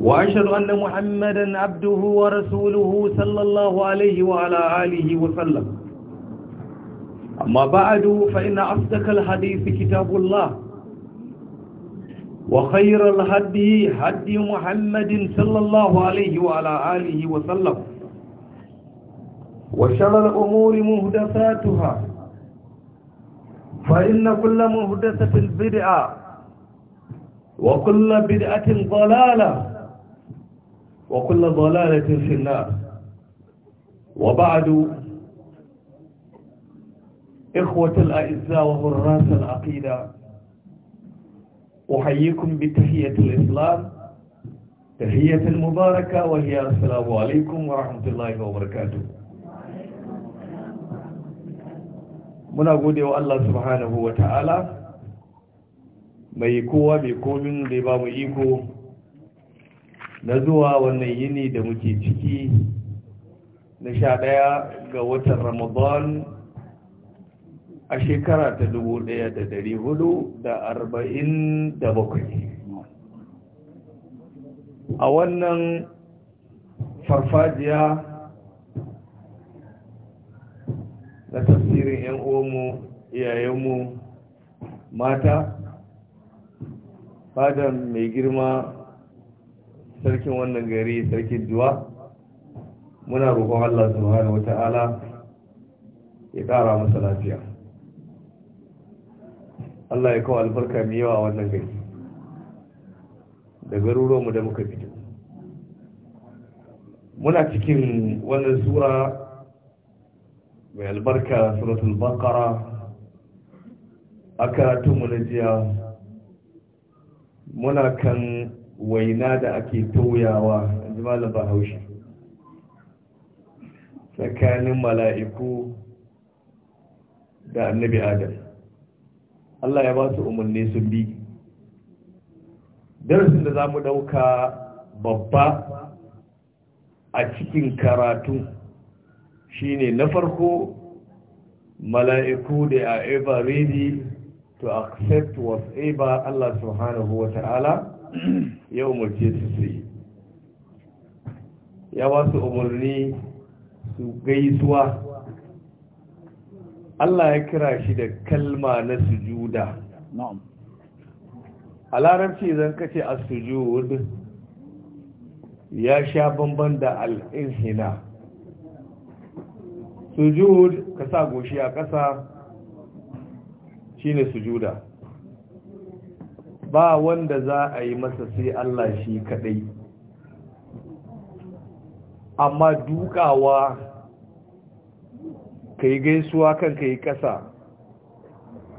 وأشهد أن محمدا عبده ورسوله صلى الله عليه وعلى آله وسلم أما بعد فإن أصدق الحديث كتاب الله وخير الهدي هدي محمد صلى الله عليه وعلى آله وسلم وشر الأمور مهدفاتها فإن كل مهدفة بدعة وكل بدعة ضلالة وكل ضلالة في النار وبعد إخوة الأعزاء وهراس العقيدة أحييكم بتحية الإسلام تحية المباركة وهي السلام عليكم ورحمة الله وبركاته من أقول الله سبحانه وتعالى mai kowa mai komin da ba mu iko na zuwa wannan yini da muke ciki na sha ɗaya ga watan ramadan a shekara ta dubu ɗaya da dari hudu da arba'in da bakwai a wannan farfajiya na tafsirin 'yan uwanmu iyayenmu mata fadan mai girma sarkin wannan gari sarkin duwa muna roƙon Allah subhanahu wata'ala ya ƙara masa lafiya Allah ya kawo albarka mai yawa a wannan gari da garuruwanmu da muka fito muna cikin wannan sura mai albarka suratul baqara Aka karatunmu na jiya muna kan waina da ake toyawa yanzu malam bahaushe tsakanin mala'iku da annabi adam Allah ya ba su umarni sun bi darasin da za mu ɗauka babba a cikin karatu shine na farko mala'iku da a ever ready to accept was ever Allah subhanahu wa ta'ala ya umarce su su yi ya ba su umarni su gaisuwa Allah ya kira shi da kalma na sujuda a larabci zan kace a sujud ya sha bamban da al'inhina sujud ka sa goshi a ƙasa shine sujuda ba wanda za a yi masa sai Allah shi kadai amma dukawa ka yi gaisuwa kan ka yi ƙasa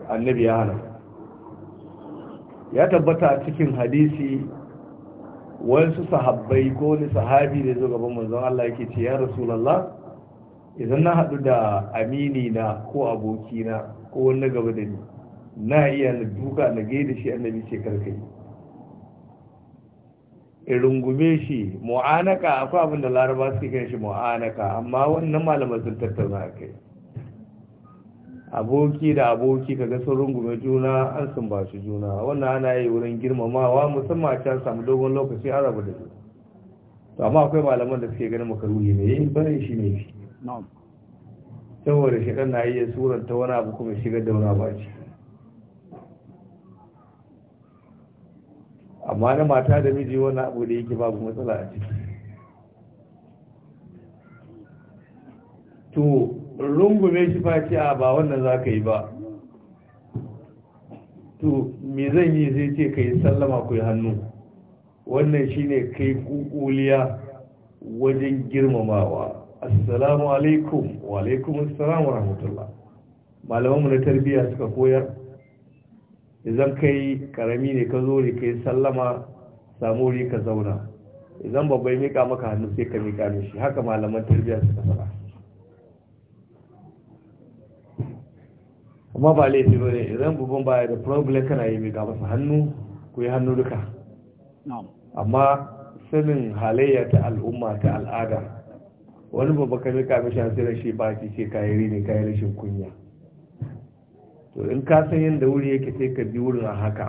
annabi ya hana ya tabbata a cikin hadisi wasu sahabbai ko wani sahabi da zo gaban manzon Allah yake ce ya rasulullah idan na haɗu da amini na ko abokina ko wani gaba da ni na iya na duka na gaida shi annabi ce karkai in rungume shi mu'anaka akwai abin da laraba suke kan shi mu'anaka amma wannan malamar sun tattauna a kai aboki da aboki kaga sun rungume juna an sun ba shi juna wannan ana yi wurin girmamawa musamman a can samu dogon lokaci an rabu da su to amma akwai malaman da suke ganin makaruri ne yin eh, bayan shi ne shi saboda shekar na iya ta wani abu kuma shigar da wani abu amma na mata da miji wani abu da yake babu matsala a ciki to rungume shi face a ba wannan za ka yi ba to me zan yi zai ce ka yi sallama ku yi hannu wannan shine kai kukuliya wajen girmamawa assalamu alaikum wa alaikum assalamu rahmatullah malamanmu na tarbiyya suka koyar idan kai karami ne ka zo ka yi sallama samu wuri ka zauna idan babbai mika maka hannu sai ka mika mishi haka malaman tarbiyyar suka fara amma ba laifi ba ne idan babban baya da problem kana yi mika masa hannu ku yi hannu duka amma sanin halayya ta al'umma ta al'ada wani babba ka mika mishi hannu sai da shi ce kayayyari rini kayayyar rashin kunya to in ka san yadda wuri yake sai ka bi wurin a haka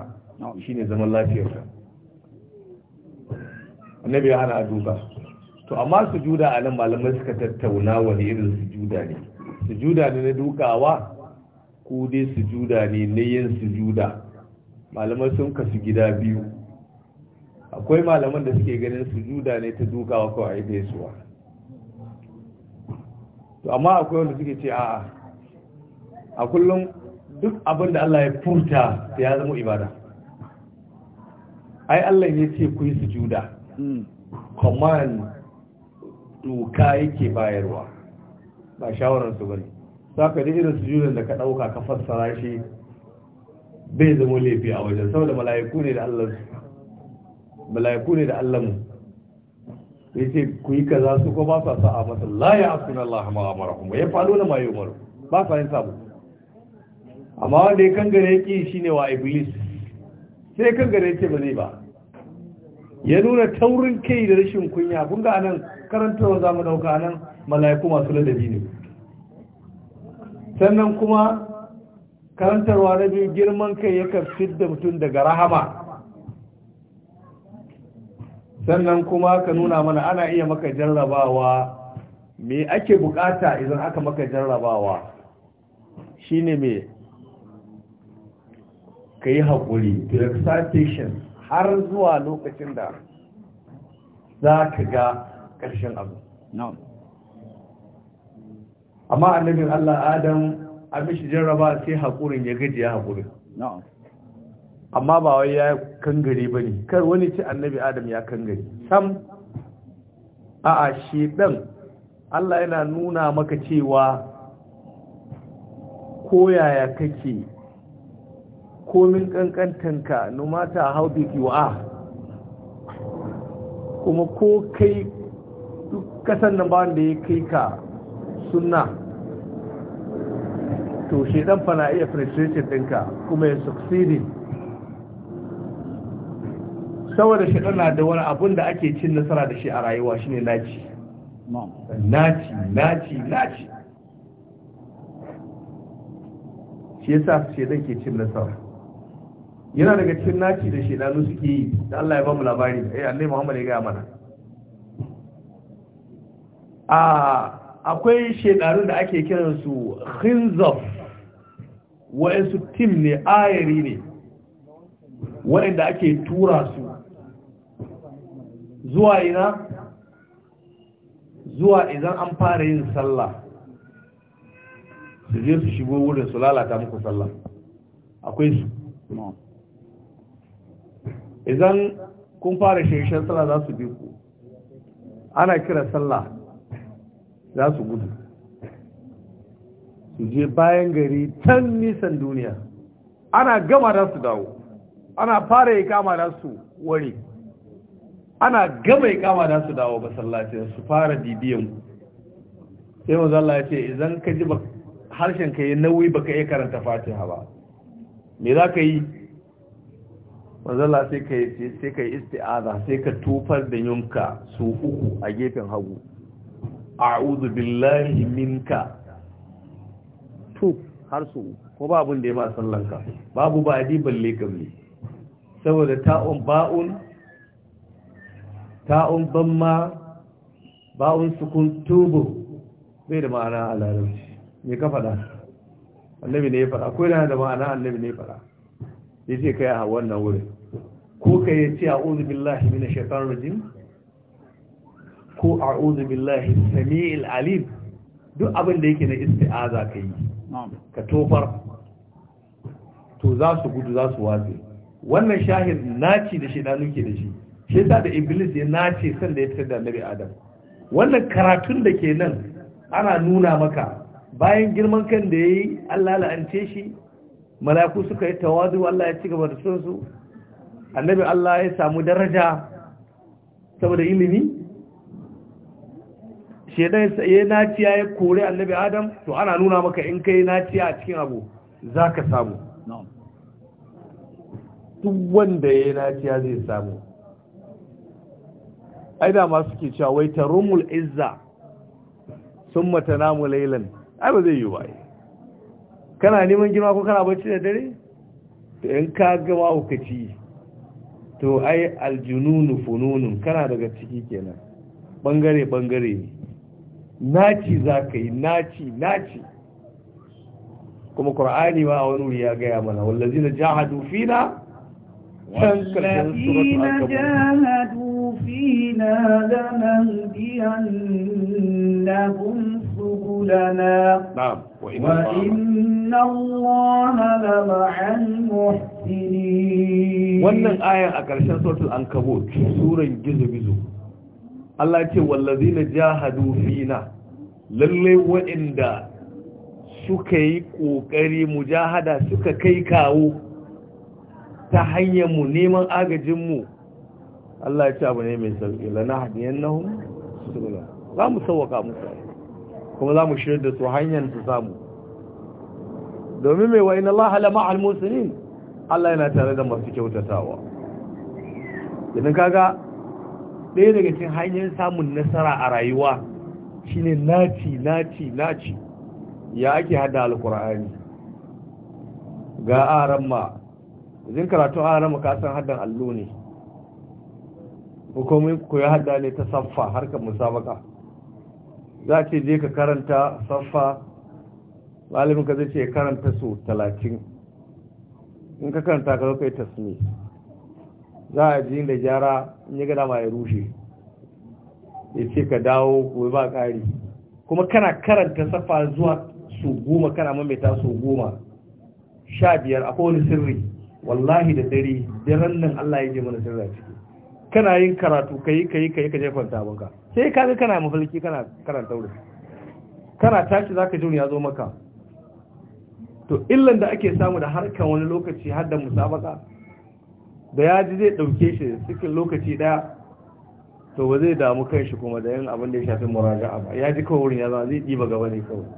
shine zaman ka annabi ya hana duba to amma sujuda a nan malamai suka tattauna wani irin sujuda ne sujuda ne na dukawa ko dai sujuda ne na yin sujuda malamai sun kasu gida biyu akwai malaman da suke ganin sujuda ne ta dukawa ko a yi to amma akwai wanda suke ce a'a a kullum duk abin da Allah ya furta ya zama ibada ai Allah ya ce ku yi sujuda hmm. command doka yake bayarwa ba shawarar su bane saka da irin sujudan da ka dauka ka fassara shi bai zama laifi a wajen saboda mala'iku ne da Allah mala'iku ne da Allah mu yace ku yi kaza su ko ba sa sa'a masa la ya asuna Allah ma Ya wa na ma yumaru ba sa yin sabu amma wanda ya kangare ki ne wa iblis sai kangare ce ba zai ba ya nuna taurin kai da rashin kunya kun ga anan karantarwa za mu dauka anan mala'iku masu ladabi ne sannan kuma karantarwa na biyu girman kai ya yakan da mutum daga rahama sannan kuma ka nuna mana ana iya maka jarrabawa me ake bukata idan aka maka jarrabawa shine me ka yi haƙuri to har zuwa lokacin da za ka ga ƙarshen abu amma annabin Allah Adam a mishi jarraba sai haƙurin ya gaji ya haƙurin amma ba wai ya kangare ba ne kar wani ce annabi Adam ya kangare sam a a shi ɗan Allah yana nuna maka cewa koyaya kake komin kankantanka no matter how big you are kuma ko kai duk kasan nan ba wanda ya kai ka sunna to dan fa na iya frustrated ɗinka kuma ya succeeding saboda shedan na da wani abun da ake cin nasara da shi a rayuwa shine naci naci naci naci shi yasa ke cin nasara yana daga cikin naci da shaidanu suke yi da Allah ya ba mu labari eh Allah Muhammad ya gaya mana a akwai shedanu da ake kiran su khinzaf wa'ansu tim ne ayari ne wa'anda ake tura su zuwa ina zuwa idan an fara yin sallah su je su shigo wurin su lalata muku sallah akwai su idan kun fara shirishen sallah za su bi ku ana kira sallah za su gudu su je bayan gari can nisan duniya ana gama da su dawo ana fara yi kama da su ware ana gama yi kama da su dawo ba sallace su fara bibiyan sai wanzu ya ce idan ka ji harshen ka yi nauyi ba ka iya karanta fatiha ba me za ka yi manzala sai ka yi sai ka yi isti'aza sai ka tufar da yunka su uku a gefen hagu a'udhu billahi minka to har su ko ba abin da ya ba sallanka babu ba adi balle ne saboda ta'un ba'un ta'un bamma ba'un sukun tubu bai da ma'ana a larabci mai ka faɗa annabi ne ya faɗa ko da ma'ana annabi ne ya faɗa ce kai a wannan wurin ko ka yi ce a billahi mina shekarar rajim ko a uzu billahi sami'il alim duk abin da yake na isti'aza ka yi ka tofar to za su gudu za su wace. wannan shahid naci da shaidanu ke da shi shi yasa da iblis ya ce, san da ya fitar da nabi adam wannan karatun da ke nan ana nuna maka bayan girman kan da ya yi allah la'ance shi malaku suka yi tawazu allah ya ci gaba da sunsu annabi Allah ya samu daraja saboda ilimi shedan ya naciya ya kore annabi adam to ana nuna maka in kai naciya a cikin abu za ka samu duk wanda ya naciya zai samu ai da masu ke cewa wai tarumul izza sun mata namu ai ba zai yi ba kana neman girma ko kana bacci da dare to in ka gama ci to ai aljununu fununun kana daga ciki kenan bangare bangare ne naci zaka yi naci naci kuma qur'ani ma a wani ya gaya mana wallazina jahadu fina والذين سبلنا نعم وإن الله wannan ayan a ƙarshen suratul ankabut suran gizo-gizo Allah ce wallazina jahadu fina lalle waɗanda suka yi ƙoƙari mujahada suka kai kawo ta hanyar mu neman agajinmu Allah kuma za mu shirya da su hanyar su samu domin mai wa'in Allah halama al-musulmin Allah yana tare da masu kyautatawa idan kaga ɗaya daga cikin hanyar samun nasara a rayuwa shine naci naci naci ya ake hada alkur'ani ga aramma zin karatu aramma ka san haddan allo ne hukumin ku ya hada ne ta saffa harkar musabaka za ce je ka karanta saffa ka zai ce karanta su talatin in ka karanta ka zo kai tasmi za a ji da gyara in yi gada ma ya rushe ya ce ka dawo kuma ba ƙari kuma kana karanta safa zuwa su goma kana mamaita su goma sha biyar akwai wani sirri wallahi da dare daren nan Allah ya je mana a ciki kana yin karatu kai kai kai ka je kwanta abinka sai ka ga kana mafalki kana karanta wurin kana tashi zaka ji ya zo maka to illan da ake samu da harkan wani lokaci har da musabaka da ya ji zai dauke shi cikin lokaci daya to ba zai damu kan shi kuma da yin abin da ya shafi muraja'a ba ya ji kawai wurin ya zama zai diba gaba ne kawai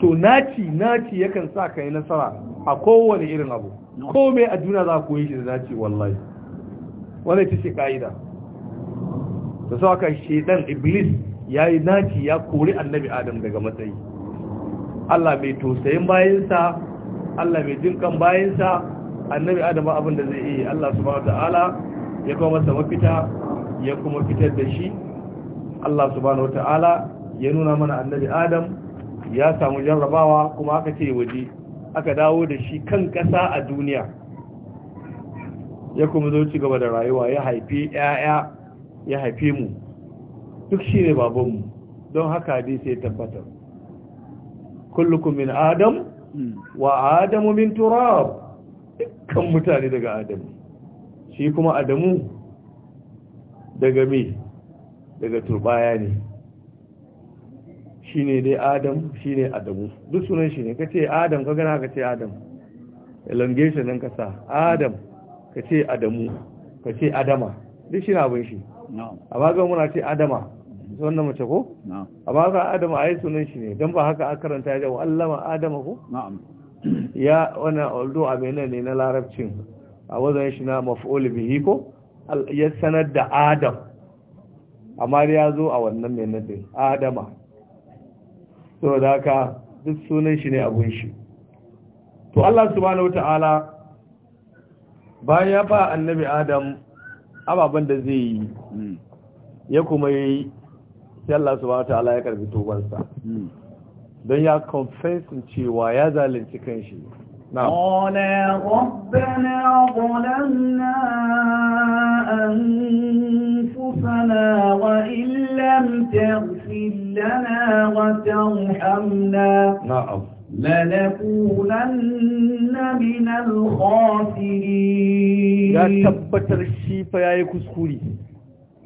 to naci naci yakan sa ka yi nasara a kowane irin abu komai a duniya za ku yi shi da zaci wallahi wanda ta ce ka'ida da su aka shaidan iblis ya yi naci ya kori annabi adam daga matsayi allah mai tosayin bayansa allah mai jinkan bayansa annabi adam abin da zai iya allah wata ta'ala ya kuma masa mafita ya kuma fitar da shi allah wata ta'ala ya nuna mana annabi adam ya samu jarrabawa kuma aka ce waje aka dawo da shi kan ƙasa a duniya ya kuma zo ci gaba da rayuwa ya haifi ‘ya'ya ya haifi mu duk shi ne babanmu don haka dai sai tabbatar kullukum min adam wa adamu min turab dukkan mutane daga adamu shi kuma adamu daga me daga turbaya ne shine dai adam shine adamu duk sunan shi ne kace adam ka gana kace adam elongation din kasa adam kace adamu kace adama duk shi na abin shi a bagan muna ce adama wannan mace ko a bagan adama a yi sunan shi ne don ba haka a karanta ya allama adama ko ya wani aldo a benin ne na larabcin a wazan shi na maf'ul bihi ko ya sanar da adam amma ya zo a wannan benin din adama saboda haka duk sunan shi ne abun shi to Allah subhanahu wata'ala bayan ya ba annabi adam ababen da zai yi ya kuma yi sai Allah subhanahu wata'ala ya karbi tubansa hmm. don ya confessin cewa ya zalunci kanshi نعم. قالا ربنا ظلمنا أنفسنا وإن لم تغفر لنا وترحمنا نعم لنكونن من الخاسرين يا تبت الشيفة يا كسكولي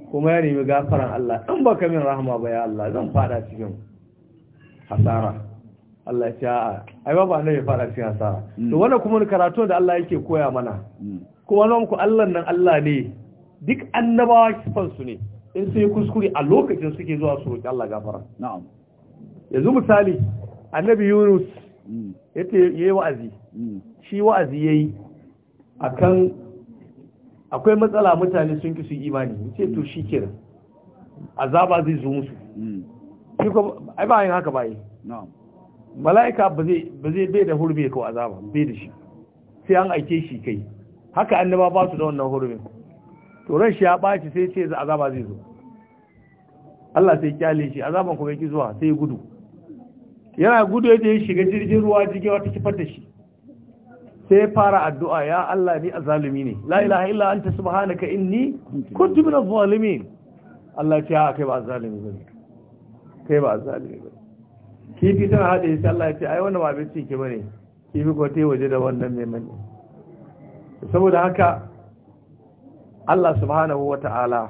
kuma ya nemi gafaran Allah in baka min rahama ba ya Allah Allah ya ce a'a ba babu ya fara cikin hasara mm. to wannan kuma karatu da Allah yake koya mana mm. kuma nan ku Allah nan Allah ne duk annabawa kifan su ne in sun yi kuskure a lokacin suke zuwa su roki Allah gafara na'am yanzu misali annabi Yunus mm. yace yayi wa'azi shi wa'azi yayi akan akwai matsala mutane sun ki su imani yace to shikenan azaba zai zo musu ai ba yin haka ba yi na'am mala'ika ba zai bai da hurbe ko azaba bai da shi sai an aike shi kai haka annaba ba su da wannan hurbin to ran shi ya ɓaci sai ce za azaba zai zo Allah sai kyale shi azaban kuma yake zuwa sai gudu yana gudu yadda ya shiga jirgin ruwa jirgin wata kifar da shi sai ya fara addu'a ya Allah ni azalumi ne la ilaha illa anta subhanaka inni kuntu minaz zalimin Allah ya ce kai ba azalumi bane kai ba azalumi bane kifi tana haɗe shi Allah ya ce ai wannan ba abincin ki bane kifi ko te waje da wannan mai mani saboda haka Allah subhanahu wata'ala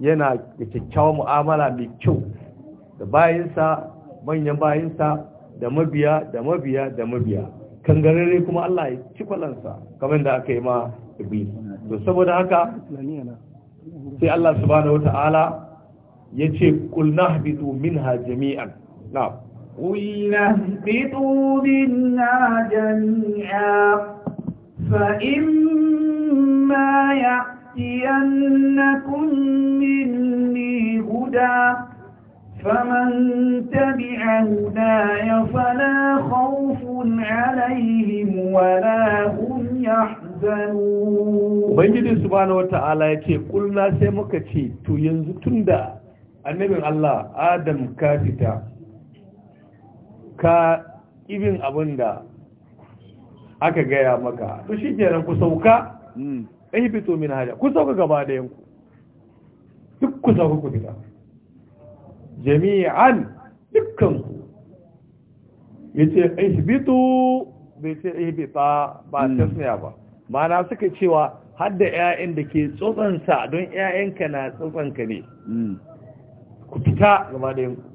yana da kyakkyawar mu'amala mai kyau da bayinsa manyan bayinsa da mabiya da mabiya da mabiya kangarare kuma Allah ya ci kwalansa kamar da aka yi ma iblis to saboda haka sai Allah subhanahu wata'ala ya ce kulna habitu minha jami'an نعم قل اهبطوا منا جميعا فإما يأتينكم مني هدى فمن تبع هداي فلا خوف عليهم ولا هم يحزنون Ubangiji subhanahu wata'ala ya ce kulna sai muka ce to yanzu tunda annabin Allah Adam ka fita ka ibin abin da aka gaya maka to shi ke ku sauka ɗai hmm. fito min hajja ku sauka gaba da yanku duk ku sauka ku fita jami'an dukkanku ya ce fito bai ce fita ba hmm. tasmiya ba mana suka cewa har da 'ya'yan da ke tsotsansa don 'ya'yanka na tsotsanka ne hmm. ku fita gaba da yanku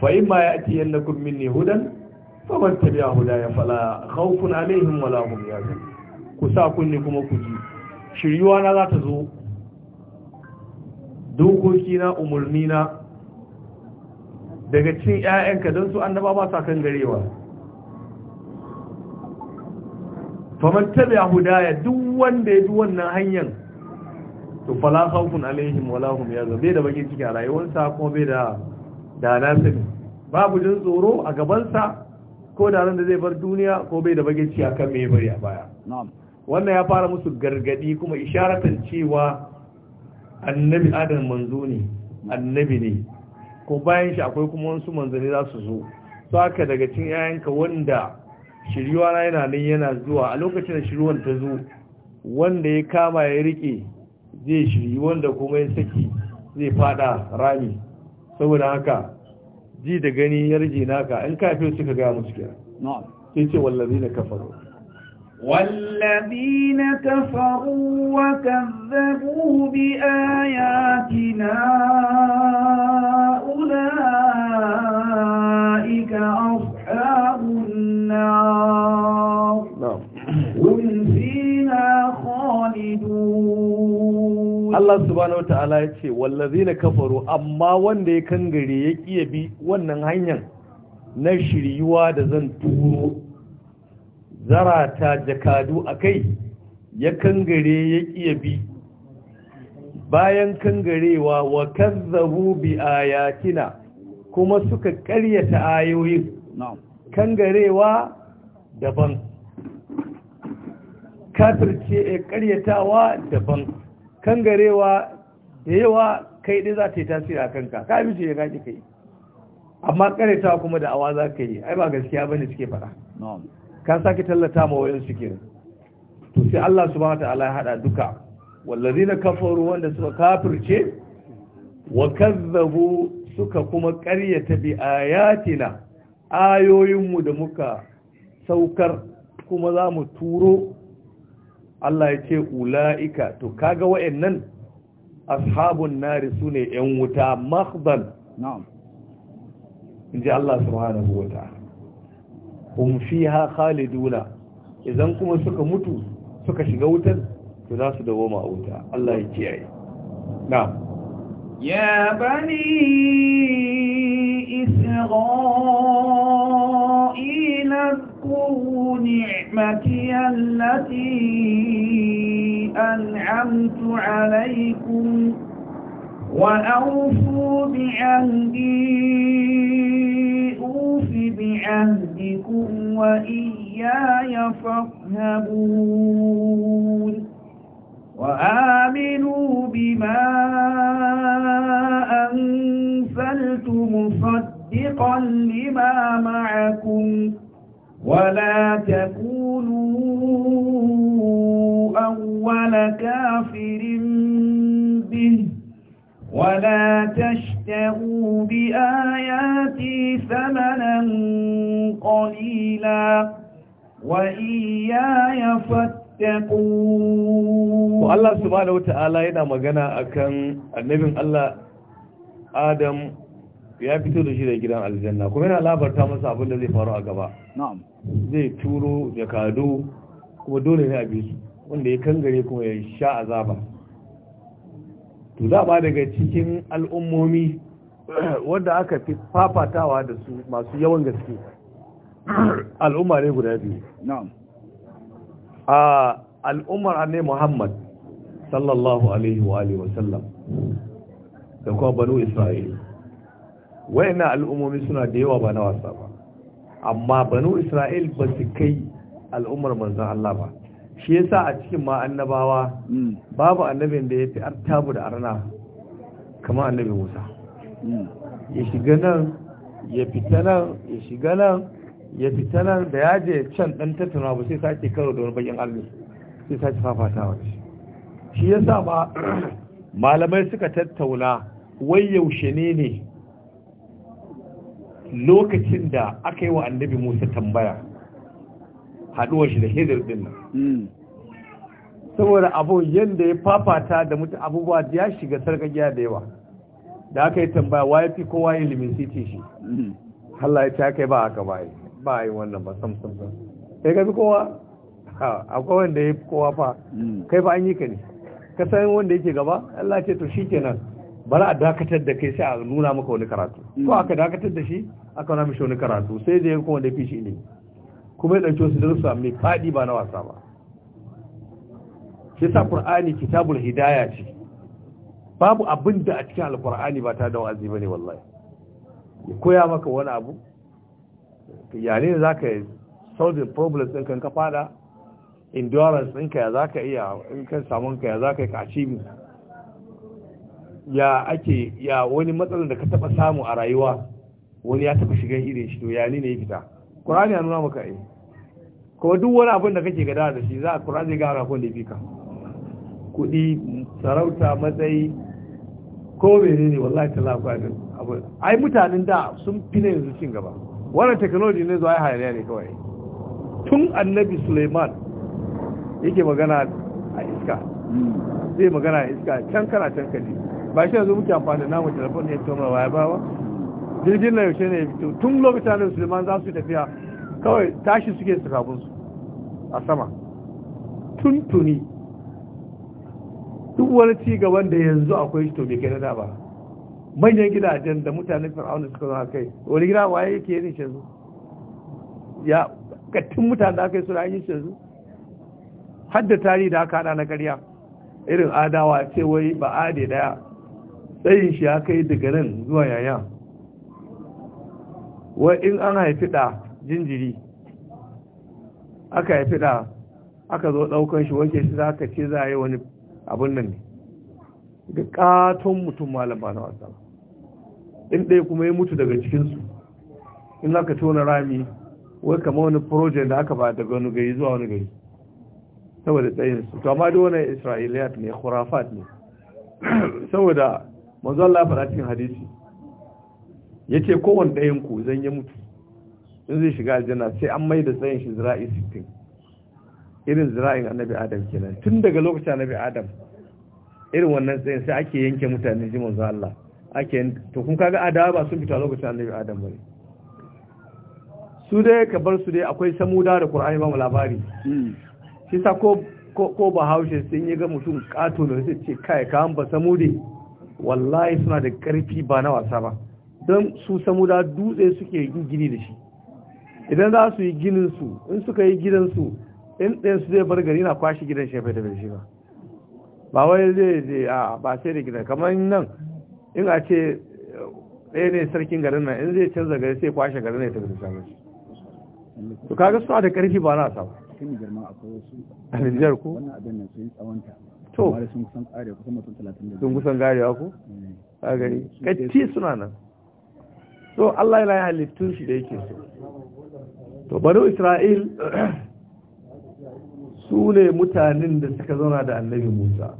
فإما in ma ya'ti yanakum minni hudan faman tabi'a hudaya fala khawfun alaihim wala hum yahzanun ku sa kunni kuma ku ji shiryuwa na za ta zo dokoki na daga cin 'ya'yanka don su annaba ba sa kan garewa faman tabi hudaya duk wanda ya bi wannan hanyar to fala khawfun alaihim wala hum bai da bakin ciki a rayuwarsa kuma bai da da na sani babu jin tsoro a gabansa ko da ran da zai bar duniya ko bai da bageci a kan mai bari a baya wannan ya fara musu gargadi kuma isharatan cewa annabi adam manzo ne annabi ne ko bayan shi akwai kuma wasu manzanni za su zo to aka daga cikin yayanka wanda shiriwa na yana nan yana zuwa a lokacin da shiriwan ta zo wanda ya kama ya rike zai shiri wanda kuma ya saki zai fada rami saboda haka ji da gani yarje naka in kafin suka gaya musu kira sai ce wallazi na kafaru والذين كفروا وكذبوا بآياتنا أولئك أصحاب النار هم فيها خالدون Allah subhanahu wata'ala ya ce wallazi na kafaru amma wanda ya kangare ya ƙiya bi wannan hanyar na shiryuwa da zan turo zarata jakadu a kai ya kangare ya ƙiya bi bayan kangarewa wa kazzabu bi ayatina kuma suka ƙaryata ayoyin kangarewa daban kafirce eh, ƙaryatawa daban kangarewa da yawa kai ɗin za ta yi tasiri a kanka ka abinci ya gaji kai amma kareta kuma da awa za ka yi ai ba gaskiya ba ne suke faɗa ka sake tallata ma wayan ke to sai Allah subhanahu ta'ala ya hada duka wallazina kafaru wanda suka kafirce wa kazzabu suka kuma ƙaryata bi ayatina ayoyinmu da muka saukar kuma za mu turo Allah ya ce ula'ika to kaga wa'annan ashabun nari su ne ‘yan wuta mahdan in ji Allah subhanahu wa ta'ala hum fiha khaliduna idan kuma suka mutu suka shiga wutan to za su dawo a wuta Allah ya kiyaye na'am يا بني إسرائيل اذكروا نعمتي التي أنعمت عليكم وأوفوا بعهدي أوف بعهدكم وإياي فارهبون وآمنوا بما أنزلت مصدقا لما معكم ولا تكونوا أول كافر به ولا تشتروا بآياتي ثمنا قليلا وإياي فاتقوا تتقون والله سبحانه ta'ala yana magana akan annabin Allah Adam ya fito da shi da gidan aljanna kuma yana labarta masa abin da zai faru a gaba zai turo ya kado kuma dole ne a bi su wanda ya kangare kuma ya sha azaba to za ba daga cikin al'ummomi wanda aka fi fafatawa da su masu yawan gaske al'umma ne guda biyu a al'ummar annai muhammad sallallahu alaihi wa alihi wasallam da kuma banu isra'ila wayannan al'ummomi suna da yawa ba na wasa ba amma banu isra'il ba su kai al'ummar manzan Allah ba shi yasa a cikin ma annabawa hmm. babu annabin da ya fi artabu da arna kamar annabi musa hmm. ya shiga nan ya fita nan ya shiga nan ya fita da ya je can dan tattuna ba sai sake karo da wani bakin allo sai sake fafatawa shi yasa ba malamai suka tattauna wai yaushe ne ne lokacin da aka yi wa annabi Musa tambaya haduwar shi da Hidir din nan hmm. saboda abu yanda ya fafata da mutu abubuwa ya shiga sarkakiya da yawa da aka yi tambaya wa ya fi kowa ilimin siti shi hmm. Allah ya ce aka yi ba aka bayi ba yi wannan ba sam sam sam kai ka bi akwai wanda ya kowa fa hmm. kai fa an yi ka ne ka san wanda yake gaba Allah ce to shikenan bari a dakatar da kai sai a nuna maka wani karatu ko hmm. aka dakatar da shi aka nuna mishi wani karatu sai da ya kuma da fishi ne kuma ya dauki wasu darussa mai fadi ba na wasa ba shi sa qur'ani kitabul hidaya ce babu abin da a cikin alqur'ani ba ta da wa'azi bane wallahi ya koya maka wani abu yare za ka yi solving problems ɗin kan ka fada endurance ka ya za ka iya in kan samun ka ya za ka yi ka achieve ya ake ya wani matsalar da ka taɓa samu a rayuwa wani ya taɓa shigan irin shi to ya ne ya fita ƙur'ani ya nuna maka ai kuma duk wani abin da kake gada da shi za a ƙur'ani zai gara abin da fi ka kuɗi sarauta matsayi ko mene ne wallahi talaka lafiya abin ai mutanen da sun fi na yanzu cin gaba wannan technology ne zuwa ya hayaniya ne kawai tun annabi suleiman yake magana a iska zai magana a iska can kana can kaji ba shi yanzu muke amfani da namun telefon ne to mara waya ba ba jirgin na yaushe ne fito tun lokacin annabi suleiman za su tafiya kawai tashi suke su kafin su a sama tuntuni duk wani ci gaban da yanzu akwai shi to bai kai na da ba manyan gidajen da mutanen fir'auna suka zama kai wani gida waye yake yin shanzu ya kattun mutane da aka yi suna yin shanzu hadda tarihi da aka hada na karya irin adawa ce wai ba ade daya tsayin shi ya kai daga nan zuwa yaya wai in an haifi da jinjiri aka haifi da aka zo daukan shi wanke shi za ka ce za a yi wani abin nan ne ga katon mutum malam ba na wasa ba in ɗaya kuma ya mutu daga cikinsu in za ka tona rami wai kama wani project da aka ba daga wani gari zuwa wani gari saboda tsayinsu to amma da wani isra'iliyat ne khurafat ne saboda manzo Allah faɗa cikin hadisi yace kowanne ɗayan ku zan ya mutu in zai shiga aljanna sai an mai da tsayin shi zira'i 60 irin zira'in annabi adam kenan tun daga lokacin annabi adam irin wannan tsayin sai ake yanke mutane ji manzo Allah ake to kun kaga adawa ba sun fita lokacin annabi adam bane su dai ka bar su dai akwai samuda da qur'ani ba mu labari hmm. shi sa ko ko haushe sun yi ga mutum kato da sai ce kai ka an ba samude wallahi suna da karfi ba na wasa ba don su samuda dutse suke yin gini da shi idan za su yi ginin su in suka yi gidan su in ɗayan su zai bar gari na kwashi gidan shefe da bai shi ba ba wai zai zai a ba sai da gidan kamar nan in a ce ɗaya ne sarkin garin nan in zai canza gari sai kwashe garin ne ta bisa shambaci to kaga suna da ƙarfi ba na samu a Nijar ko to sun kusan gari ko eh. a gari kacci suna nan so Allah yana halittun shi da yake so to bari Isra'il su ne mutanen da suka zauna da annabi Musa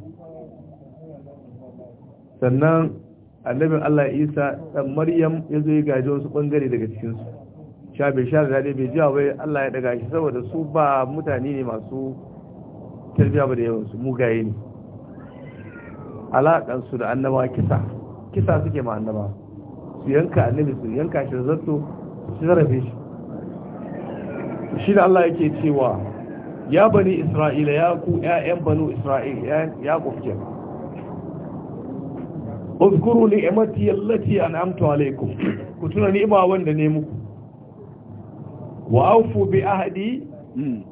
sannan annabin Allah Isa dan Maryam ya zo ya gaji wasu bangare daga cikin su sha bai sha da bai ji bai Allah ya daga shi saboda su ba mutane ne masu tarbiya ba da yawan su mugaye ne alaƙan su da annaba kisa kisa suke ma annaba su yanka annabi su yanka shi zato su zarafe shi shi da Allah yake cewa ya bani Isra'ila ya ku 'ya'yan banu Isra'ila ya ku uzkuru ni'mati allati an'amtu alaykum ku tuna ni'ima wanda ne muku wa aufu bi ahdi hmm.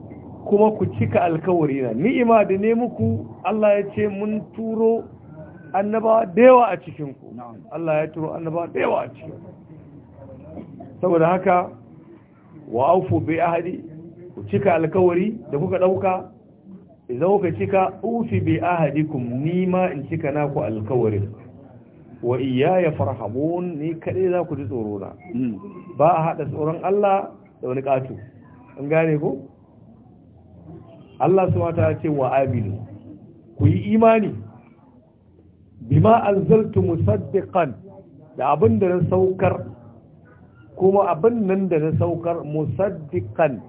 kuma ku cika alkawari na ni'ima da ne muku Allah ya ce mun turo annaba da yawa a cikin ku Allah ya turo annaba da yawa a cikin saboda haka wa aufu bi ahdi ku cika alkawari da kuka dauka idan kuka cika ufi bi ahdikum nima in cika naku alkawarin wa iyaya farhamun ni kaɗai za ku ji tsoro na hmm. ba a haɗa tsoron Allah da wani ƙato an gane ko Allah su mata ce wa aminu ku yi imani bima anzaltu musaddiqan da abin da na saukar kuma abin nan da na saukar musaddiqan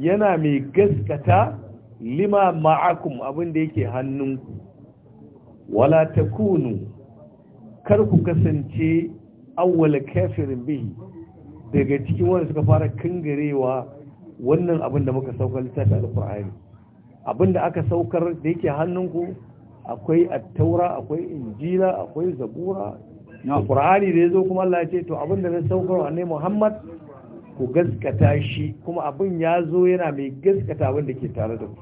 yana mai gaskata lima ma'akum abin da yake hannunku wala takunu kar ku kasance awwala kafirin bihi daga cikin wanda suka fara kangarewa wannan abin da muka saukar littafi alkur'ani abin da aka saukar da yake hannunku akwai attaura akwai injila akwai zabura alkur'ani da ya zo kuma Allah ya ce to abin da na saukar wa ne muhammad ku gaskata shi kuma abin ya zo yana mai gaskata abin da ke tare da ku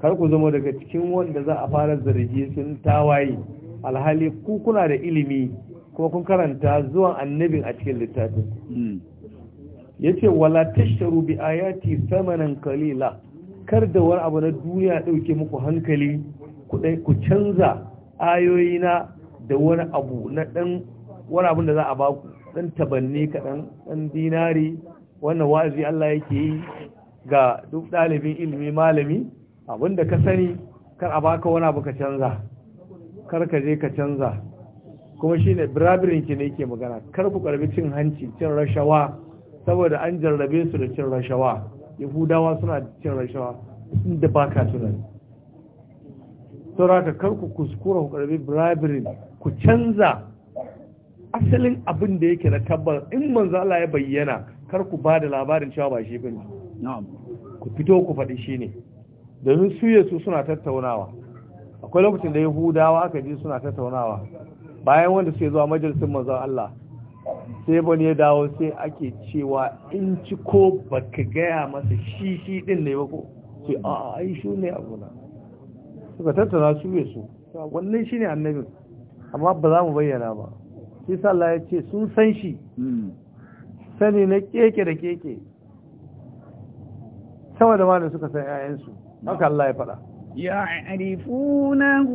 kar ku zama daga cikin wanda za a fara zargi sun tawaye alhali ku kuna da ilimi kuma kun karanta zuwan annabin a cikin littafin hmm. yace wala tashtaru bi ayati samanin Kalila. kar da wani abu na duniya dauke muku hankali ku canza ayoyina da wani abu na dan wani abu da za a baku dan tabanni kadan dan dinari wannan wazi Allah yake yi ga duk dalibin ilimi malami abinda ka sani kar a baka wani abu ka canza kar ka je ka canza kuma ne birabirin ki ne ke magana kar karbi cin hanci cin rashawa saboda an jarrabe su da cin rashawa yahudawa suna cin rashawa inda ba ka tunani sauraka kar ku kuskura ku karbi birabirin ku canza asalin abin da yake na tabbar in manzo Allah ya bayyana karku ku ba da labarin cewa ba shi bane ku fito ku faɗi shi ne domin su yesu suna tattaunawa akwai lokacin da yahudawa aka ji suna tattaunawa bayan wanda suke zuwa majalisar manzon Allah sai bani ya dawo sai ake cewa in ci ko baka gaya masa shi shi din ne ba ko sai a ai shi ne abuna suka tattauna su ne su wannan shine annabin amma ba za mu bayyana ba shi sa ya ce sun san shi hmm. sani na keke da keke sama da ma da suka san 'ya'yansu haka Allah ya faɗa يعرفونه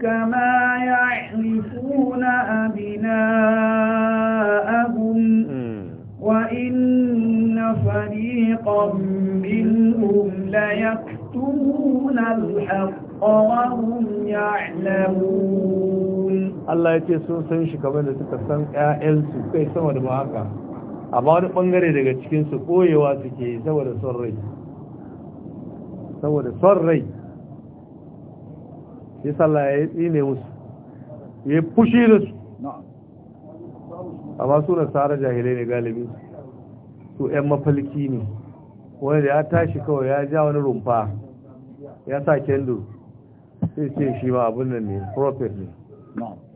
كما يعرفون أبناءهم وإن فريقا منهم ليكتمون الحق وهم يعلمون الله يتي سن san shi kamar da suka san su kai sama da a wani bangare daga cikin su koyewa suke saboda son rai saboda son rai sai sallah ya yi tsine musu ya fushi da su amma suna tsara jahilai ne galibi su 'yan mafalki ne wani da ya tashi kawai ya ja wani rumfa ya sa kendo sai ce shi ma abin nan ne profet ne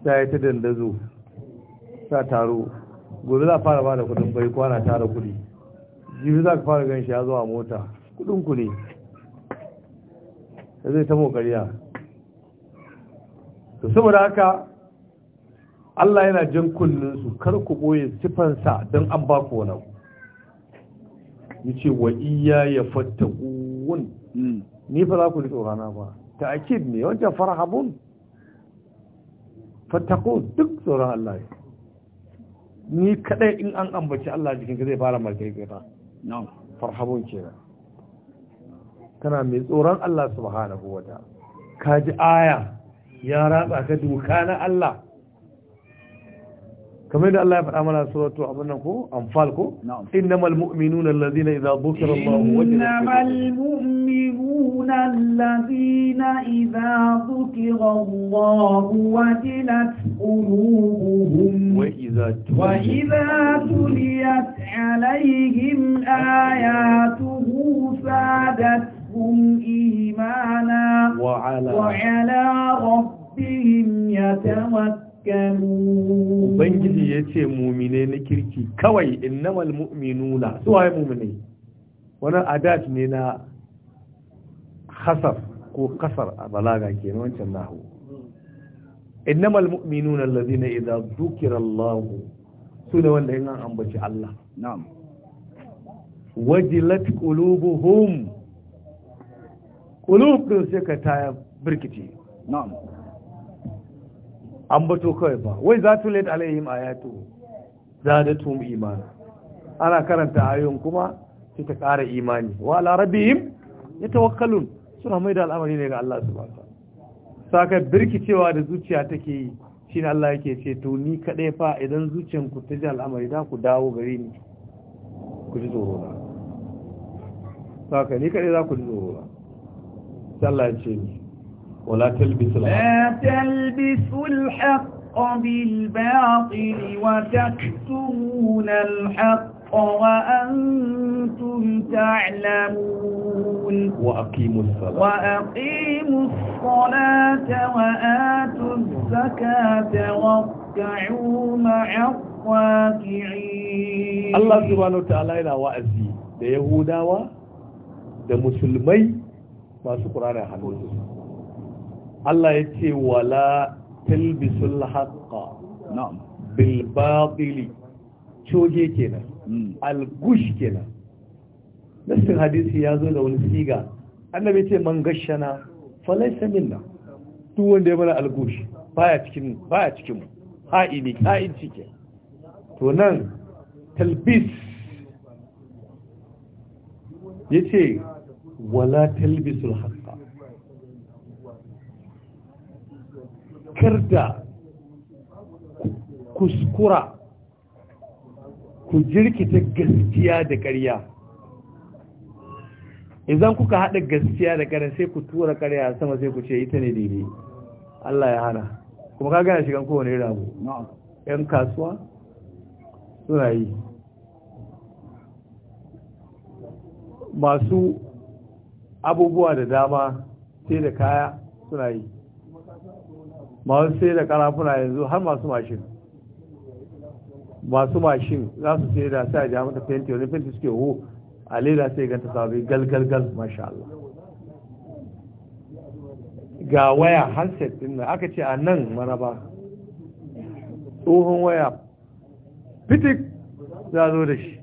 Ta yi ta dandazo sa taro gobe za fara bada kudin bai kwana tara kudi jibi za ka fara gan shi ya zuwa mota kudin ku ne zai ta mokariya to saboda haka Allah yana jan su kar ku ɓoye siffansa don an ba ku wani abu ya ce wa iya ya fatta ƙuwun hmm. ni fa za ku ji tsorana ba ta akid ne wancan farhabun Fattaku duk tsoron Allah ni kadai in an ambaci Allah jikin ka zai fara margargata farhabun kenan kana mai tsoron Allah subhanahu wa ta ka ji aya ya ratsa ka doka na Allah kamar da Allah ya faɗa mana suratu abin nan ko anfal ko innamal mu'minuna allazina idza dhukira Allahu wajadat innamal mu'minuna allazina idza dhukira Allahu wajadat qulubuhum wa idza wa idza tuliyat alaihim ayatuhu sadat زادتهم إيمانا وعلى, وعلى ربهم يتوكلون بنجي يتي مؤمنين كيركي كوي إنما المؤمنون سواء مؤمنين وانا أداة نينا خسر ko kasar a balaga ke wancan nahu innamal mu'minuna allazina idza dhukira Allah sune wanda in an ambaci Allah na'am wajilat qulubuhum kulub din sai ka taya birkiti na'am an bato kawai ba wai za tu lait alaihim ayatu zadatuhum imana ana karanta ayoyin kuma sai ta ƙara imani wa ala rabbihim yatawakkalun suna mai da al'amari ne ga Allah subhanahu saka birkicewa da zuciya take yi shine Allah yake ce to ni kadai fa idan zuciyanku ta ji al'amari da ku dawo gare ni ku ji tsoro na saka ni kadai za ku ji tsoro na Allah ya ce ni wala talbisul haqq talbisul haqq bil batil wa taktumuna al haƙƙa wa antum ta'lamun wa aqimus salata wa aqimus salata wa atuz zakata warka'u ma'as raki'in Allah subhanahu wa ta'ala yana wa'azi da Yahudawa da musulmai masu ƙur'ani a Allah ya ce wala talbisul haqqa bil batili coge kenan hmm. algush kenan nassin hadisi ya zo da wani siga annabi ce man gashana falaisa minna duk wanda ya mana algush baya cikin baya cikin mu ha'ini ha'in cike to nan talbis yace wala talbisul haqqa karda kuskura ku jirkita gaskiya da ƙarya idan kuka haɗa gaskiya da ƙarya sai ku tura ƙarya sama sai ku ce ita ne daidai Allah ya hana kuma ka gana shigan kowane rabu Ƴan kasuwa suna yi masu abubuwa da dama sai da kaya suna yi masu sai da karafuna yanzu har masu mashin masu mashin za su sai da sai a jami'a ta fenti wani fenti suke ho a leda sai ganta sabi galgalgal masha Allah ga waya handset din nan aka ce a nan maraba tsohon waya fitik za zo da shi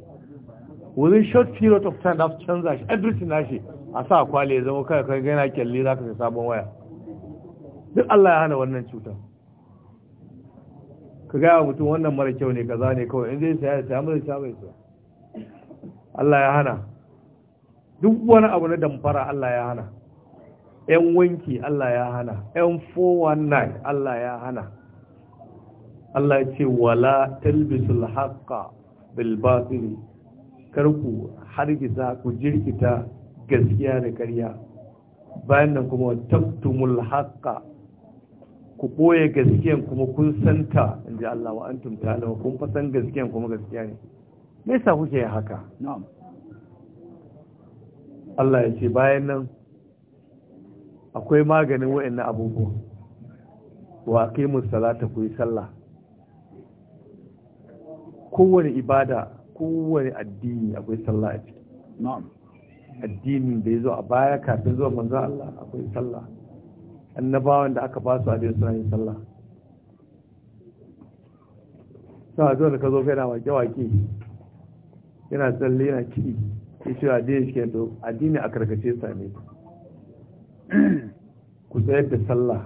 within short period of time za su canza shi everything na shi a sa kwale ya zama kai kai yana kyalli za ka sabon waya duk Allah ya hana wannan cutar ka gaya mutum wannan mara kyau ne kaza ne kawai in zai saya saya mai saya mai saya Allah ya hana duk wani abu na damfara Allah ya hana yan wanki Allah ya hana yan 419 Allah ya hana Allah ya ce wala talbisul haqqa bil batil karku hargita ku jirkita gaskiya da ƙarya bayan nan kuma tabtumul haqqa ku ɓoye gaskiyan kuma kun santa in ji Allah wa antum ta'lamu kun fa san gaskiyan kuma gaskiya ne me yasa kuke haka na'am Allah ya ce bayan nan akwai maganin wa'annan abubuwa wa aqimus salata ku yi sallah kowane ibada kowane addini akwai sallah a ciki na'am addinin da ya zo a baya kafin zuwa manzo Allah akwai sallah annabawan da aka ba su a suna yin sallah sa zo da ka zo kai na wake wake yana tsalle yana kiɗi ya shi addini shi kento addini a karkace sa ne ku tsayar da sallah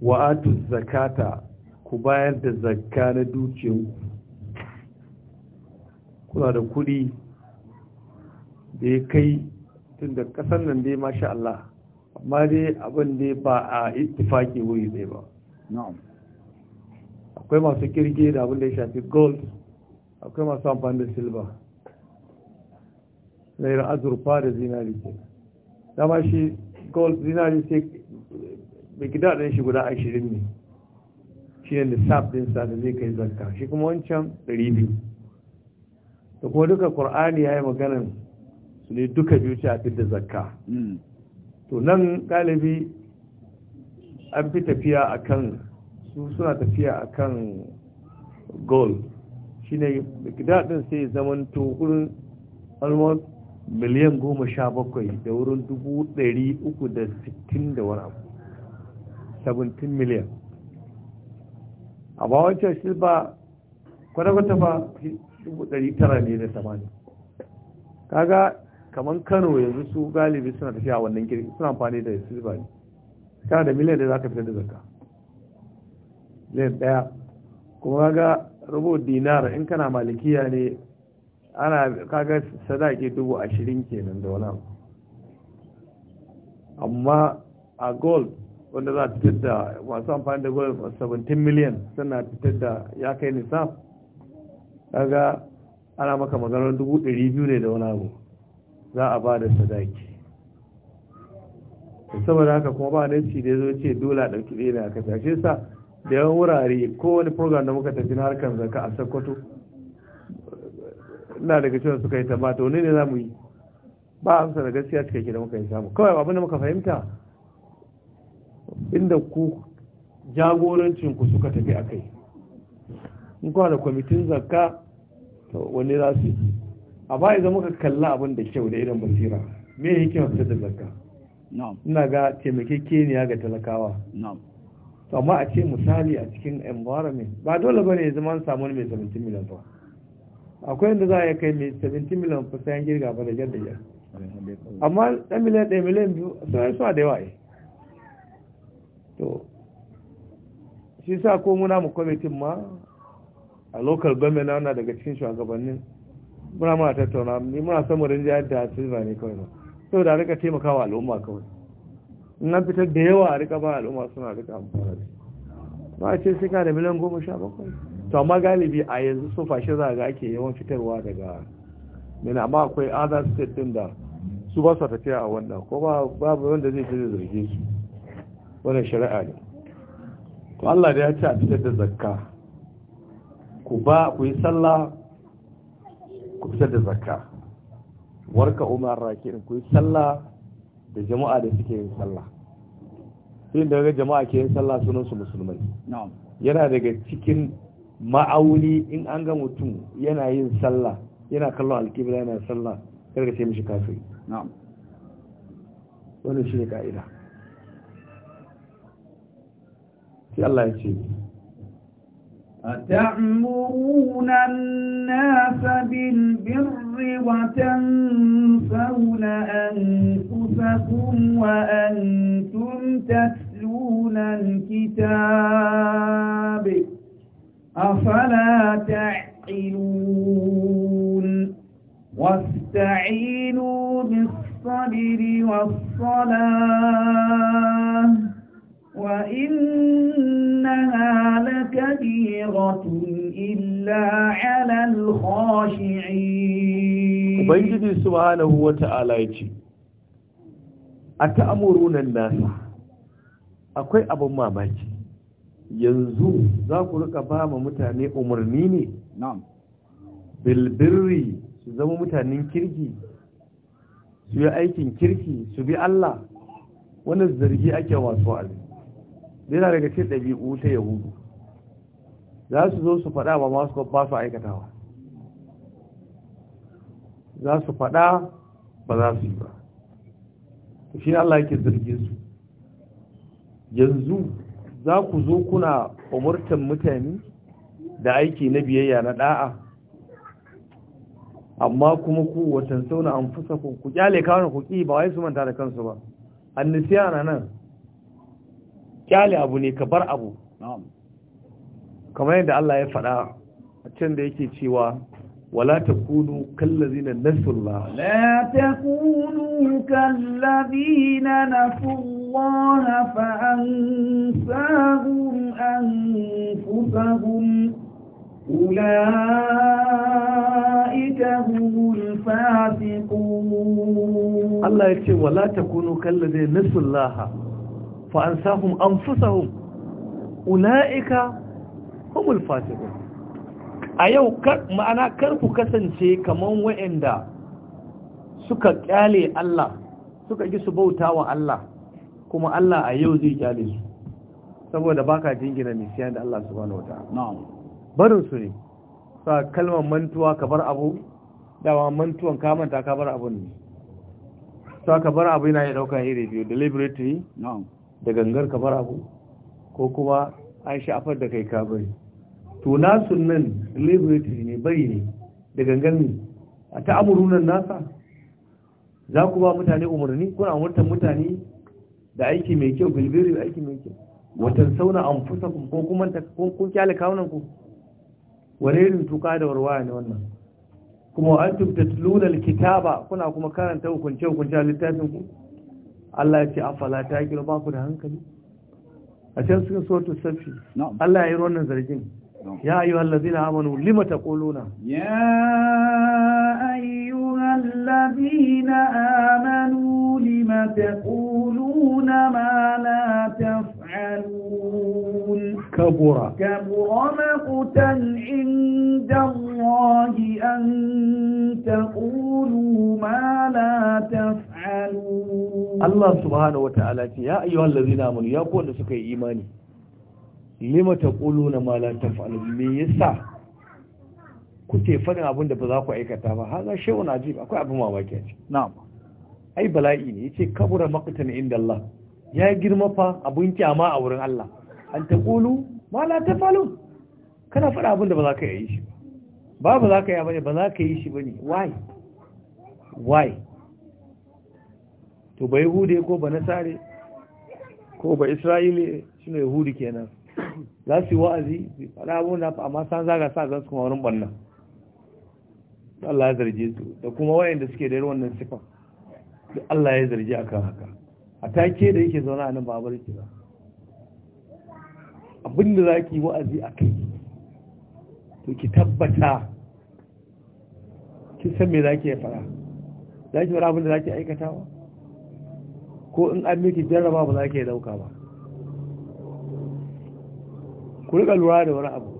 wa'atu zakata ku bayar da zakka na dukiyanku kuna da kuɗi da ya kai tun da nan dai masha Allah amma dai abin dai ba a ittifaki wuri zai ba akwai masu kirge da abin da ya shafi gold akwai masu amfani da silba na yi azurfa da zinari ke dama shi gold zinari sai mai gida ɗin shi guda ashirin ne shi ne lissaf sa da zai kai zarka shi kuma wancan ɗari biyu da kuma duka ƙur'ani ya yi maganan su ne duka biyu ce a da zakka hmm. to nan galibi an fi tafiya a kan su suna tafiya a kan gold ne gidaɗin sai zaman to gurin almost miliyan goma sha bakwai da wurin dubu ɗari uku da sittin da wani abu 17 miliyan a bawancin shi ba kwanakwata ba dubu ɗari tara ne da samani kaga kamar kano yanzu su galibi suna tafiya wannan girki suna amfani da silva ne kana da miliyan da za ka fitar da zarka miliyan ɗaya kuma ga rubo dinar in kana malikiya ne ana kaga sadaki dubu ashirin kenan da wani amma a gold wanda za a fitar da masu amfani da gold 17 miliyan suna fitar da ya kai nisa kaga ana maka maganar dubu ɗari biyu ne da wani abu za a ba da sadaki saboda haka kuma ba ci da ya zo ce dole a ɗauki ɗaya da aka tashe sa da yawan wurare ko wani program da muka tafi na harkar zaka a sokoto ina daga cewa suka yi tambata wani ne za mu yi ba amsa da gaskiya cikakke da muka yi samu kawai abin da muka fahimta inda ku jagorancin ku suka tafi a kai in kwa da kwamitin zakka wani za su yi a baya zama muka kalla abin da kyau da irin basira me ya fitar da zakka ina ga taimakekeniya ga talakawa amma a ce misali a cikin environment ba dole ne ya zama samun mai 17 million ba akwai yadda za a yi kai mai 17 million fa sayan girga ba da jar da jar amma ɗan miliyan ɗaya miliyan biyu sai su da yawa to shi sa ko muna mu kwamitin ma a local government na daga cikin shugabannin muna muna tattauna ni muna son mu rinja da silva ne kawai ba sau da rika taimakawa al'umma kawai na fitar da yawa a rika ba al'umma suna rika amfana da ba a ce sai ka da miliyan goma sha bakwai to amma galibi a yanzu so fashe za ga ake yawan fitarwa daga mina amma akwai other state din da su ba su tafiya a wannan ko ba babu wanda zai fi zarge su wannan shari'a ne to Allah da ya ce a fitar da zakka ku ba ku yi sallah ku fitar da zakka warka umar raki'in ku yi sallah da jama'a da suke yin sallah sai da ga jama'a ke yin sallah sunan su musulmai yana daga cikin ma'auni in an ga mutum yana yin sallah yana kallon alkibla yana sallah ka ce mishi kafiri wannan shi ne ka'ida sai Allah ya ce أتأمرون الناس بالبر وتنسون أنفسكم وأنتم تتلون الكتاب أفلا تعقلون واستعينوا بالصبر والصلاة كبيرة إلا على الخاشعين بنجدي سبحانه وتعالى أتأمرون akwai abin mamaki yanzu za ku rika ba ma mutane umarni ne bilbirri su zama mutanen kirki su yi aikin kirki su bi Allah wannan zargi ake wasu wa'azi yana daga cikin ɗabi'u ta yahudu za su zo su faɗa ba masu ba su aikatawa za su faɗa ba za su yi ba shi Allah yake zargin su yanzu za ku zo kuna umurtan mutane da aiki na biyayya na da'a amma kuma ku watan sauna an fusa ku ku kyale kawo ku ki ba wai su manta da kansu ba annisiya na nan kyale abu ne ka bar abu kamar yadda Allah ya faɗa a can da yake cewa ولا تكونوا كالذين نسوا الله لا تكونوا كالذين نسوا الله فأنساهم أنفسهم أولئك هم الفاسقون الله يقول ولا تكونوا كالذين نسوا الله فأنساهم أنفسهم أولئك humul fasiqun a yau ma'ana kar ku kasance kaman wa'anda suka kyale Allah suka ki su bauta wa Allah kuma Allah a yau zai kyale su saboda baka jingina nisiyan da Allah subhanahu wataala na'am barin su ne sa kalmar mantuwa ka bar abu dawa mantuwan ka manta ka bar abun ne sa ka bar abu yana ya dauka iri biyu deliberately na'am da gangar ka bar abu ko kuma an sha'afar da kai kabari to nasu nan liberty ne bari ne da gangan a ta amurunan nasa za ku ba mutane umarni kuna umurtan mutane da aiki mai kyau bilbiri aiki mai kyau watan sauna an fusa ko kuma kun kyale kawunan ku wane irin tuka da warwaya ne wannan kuma an tubta lunar kitaba kuna kuma karanta hukunce hukunce littafin ku Allah ya ce afala ta kira ba ku da hankali a can so sortu safi Allah ya yi wannan zargin يا أيها الذين آمنوا لم تقولون يا أيها الذين آمنوا لم تقولون ما لا تفعلون كبر كبر مقتا عند الله أن تقولوا ما لا تفعلون الله سبحانه وتعالى يا أيها الذين آمنوا يا قول سكي إيماني lima ta ƙulu na malanta fa'alu me yasa kuke faɗin abin da ba za ku aikata ba haza shi wani aji akwai abin mamaki a ce na'am ai bala'i ne Ya ce kabura na inda Allah ya girma fa abin kyama a wurin Allah an ta ƙulu malanta fa'alu kana faɗin abin da ba za ka yi shi ba ba za ka yi bane ba za ka yi shi ba ne." why why to ba yahude ko ba nasare ko ba isra'ili shine yahudi kenan za su yi wa'azi su faɗa abin da amma san zaga sa za su kuma wurin ɓanna Allah ya zarge su da kuma da suke da nan sifa da Allah ya zarge akan haka a take da yake zaune a nan babar ki ba abin da za ki yi wa'azi a kai to ki tabbata ki san me za ki ya fara za ki fara abin da za ki aikatawa ko in an miki jarraba ba za ki ya dauka ba ku riƙa lura da wani abu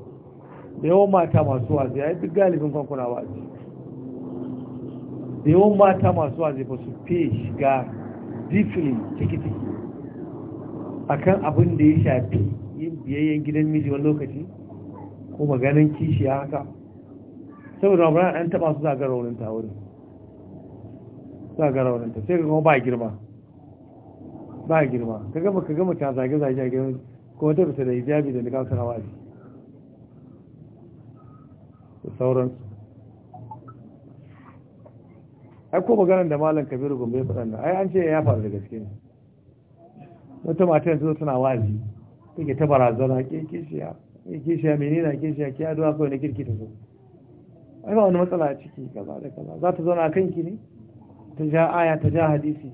da yawan mata masu wazi ya yi duk galibin kwankuna wazi da yawan mata masu wazi ba su fiye shiga deeply ciki-ciki a kan abin da ya shafi yin biyayyen gidan miji wani lokaci ko maganin kishiya haka saboda ramar an taɓa su zagar raunin wurin zagar raunin ta sai ga kuma ba girma ba girma ka gama ka gama ta zage-zage a gidan kuma ta fita da hijabi da nikan na wa'azi da sauransu ai ko maganar da malam kabiru gombe faɗan nan ai an ce ya faru da gaske ne wata mata yanzu tana wa'azi take ta barazana ke kishiya ke kishiya menene kishiya ke addu'a kawai na kirki ta zo. ai ba wani matsala a ciki kaza da kaza za ta zauna a kanki ne ta ja aya ta ja hadisi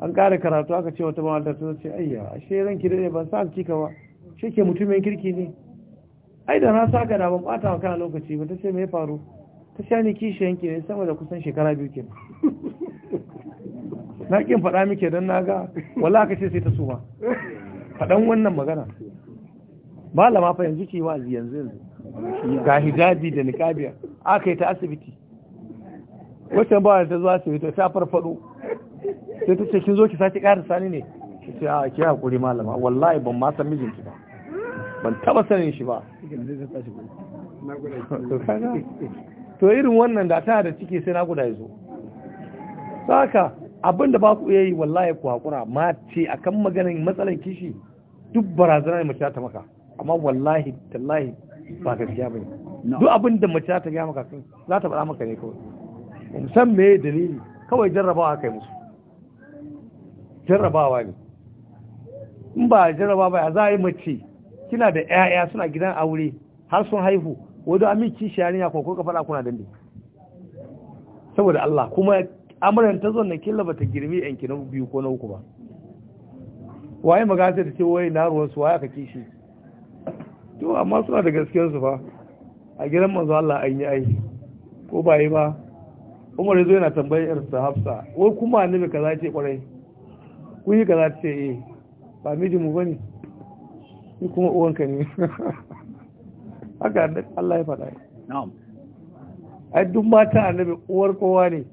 an kare karatu aka ce wata mawata ta ce ayya ashe shirin da ne ban sa cika ba shi ke mutumin kirki ne ai da na saka da ban bata kana lokaci ba ta ce me faru ta sha ni kishi yanki ne sama da kusan shekara biyu ke na kin faɗa miki don na ga wala aka ce sai ta ba faɗan wannan magana malama fa yanzu ki wa yanzu yanzu ga hijabi da niqabiya aka yi ta asibiti wacce ba ta zuwa asibiti ta farfado sai ta ce kin zo ki sake ƙara sani ne ki ce a ki hakuri malama wallahi ban ma san mijinki ba ban taba sanin shi ba to irin wannan da ta da ciki sai na guda ya zo saka abinda ba ku yi wallahi ku hakura ma ce akan maganin matsalan kishi duk barazana ne mace ta maka amma wallahi tallahi ba gaskiya bane duk abinda mace ta ga maka za ta faɗa maka ne kawai musamman me dalili kawai jarrabawa kai musu jarrabawa ne in ba jarraba ba za a yi mace kina da 'ya'ya suna gidan aure har sun haihu wadda miki shi yarinya ko kuka fada kuna dande saboda Allah kuma amuran ta zo na killa bata girmi yanki na biyu ko na uku ba waye magana ta ce waye na ruwan su waye aka kishi to amma suna da gaskiyar su fa a gidan manzo Allah an yi ai ko ba yi ba Umar yazo yana tambayar sa Hafsa wai kuma annabi kaza ce kwarai ku yi kaza ce yi eh, ba mijinmu ba ne ni kuma uwanka ne haka Allah ya faɗa ai duk mata annabi uwar kowa ne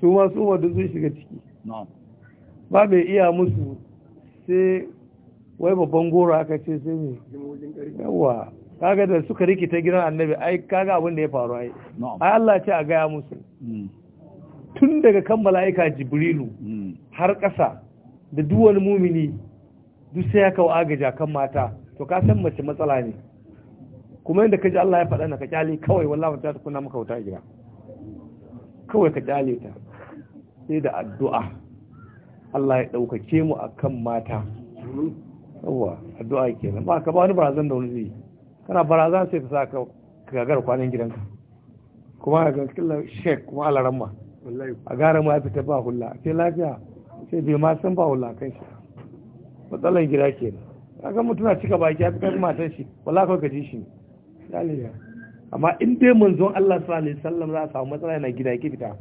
su ma su wadda sun shiga ciki ba mai iya musu sai wai babban goro aka ce sai ne yawa kaga da suka rikita gidan annabi ai kaga abin da ya faru ai ai Allah ce a gaya musu mm. tun daga kan mala'ika jibrilu hmm. har ƙasa da duwani mumini duk sai ya kawo agaja kan mata to ka san mace matsala ne kuma yadda ka ji Allah ya faɗa na ka kyale kawai wallahi ta kuna maka wuta gida kawai ka kyale ta sai da addu'a Allah ya ɗaukake mu a kan mata yawwa addu'a kenan ba ka ba wani barazan da wani zai kana barazan sai ta sa ka gagar kwanan gidanka kuma ga kila shek kuma alaramma a gara ma ya fita ba hula ce lafiya sai bai ma san ba hula kan shi matsalan gida ke nan kaga mutuna cika baki ya fi kai matar shi wala kawai ka ji shi ne amma in dai manzon Allah sallallahu alaihi wasallam za a samu matsala na gida ke fita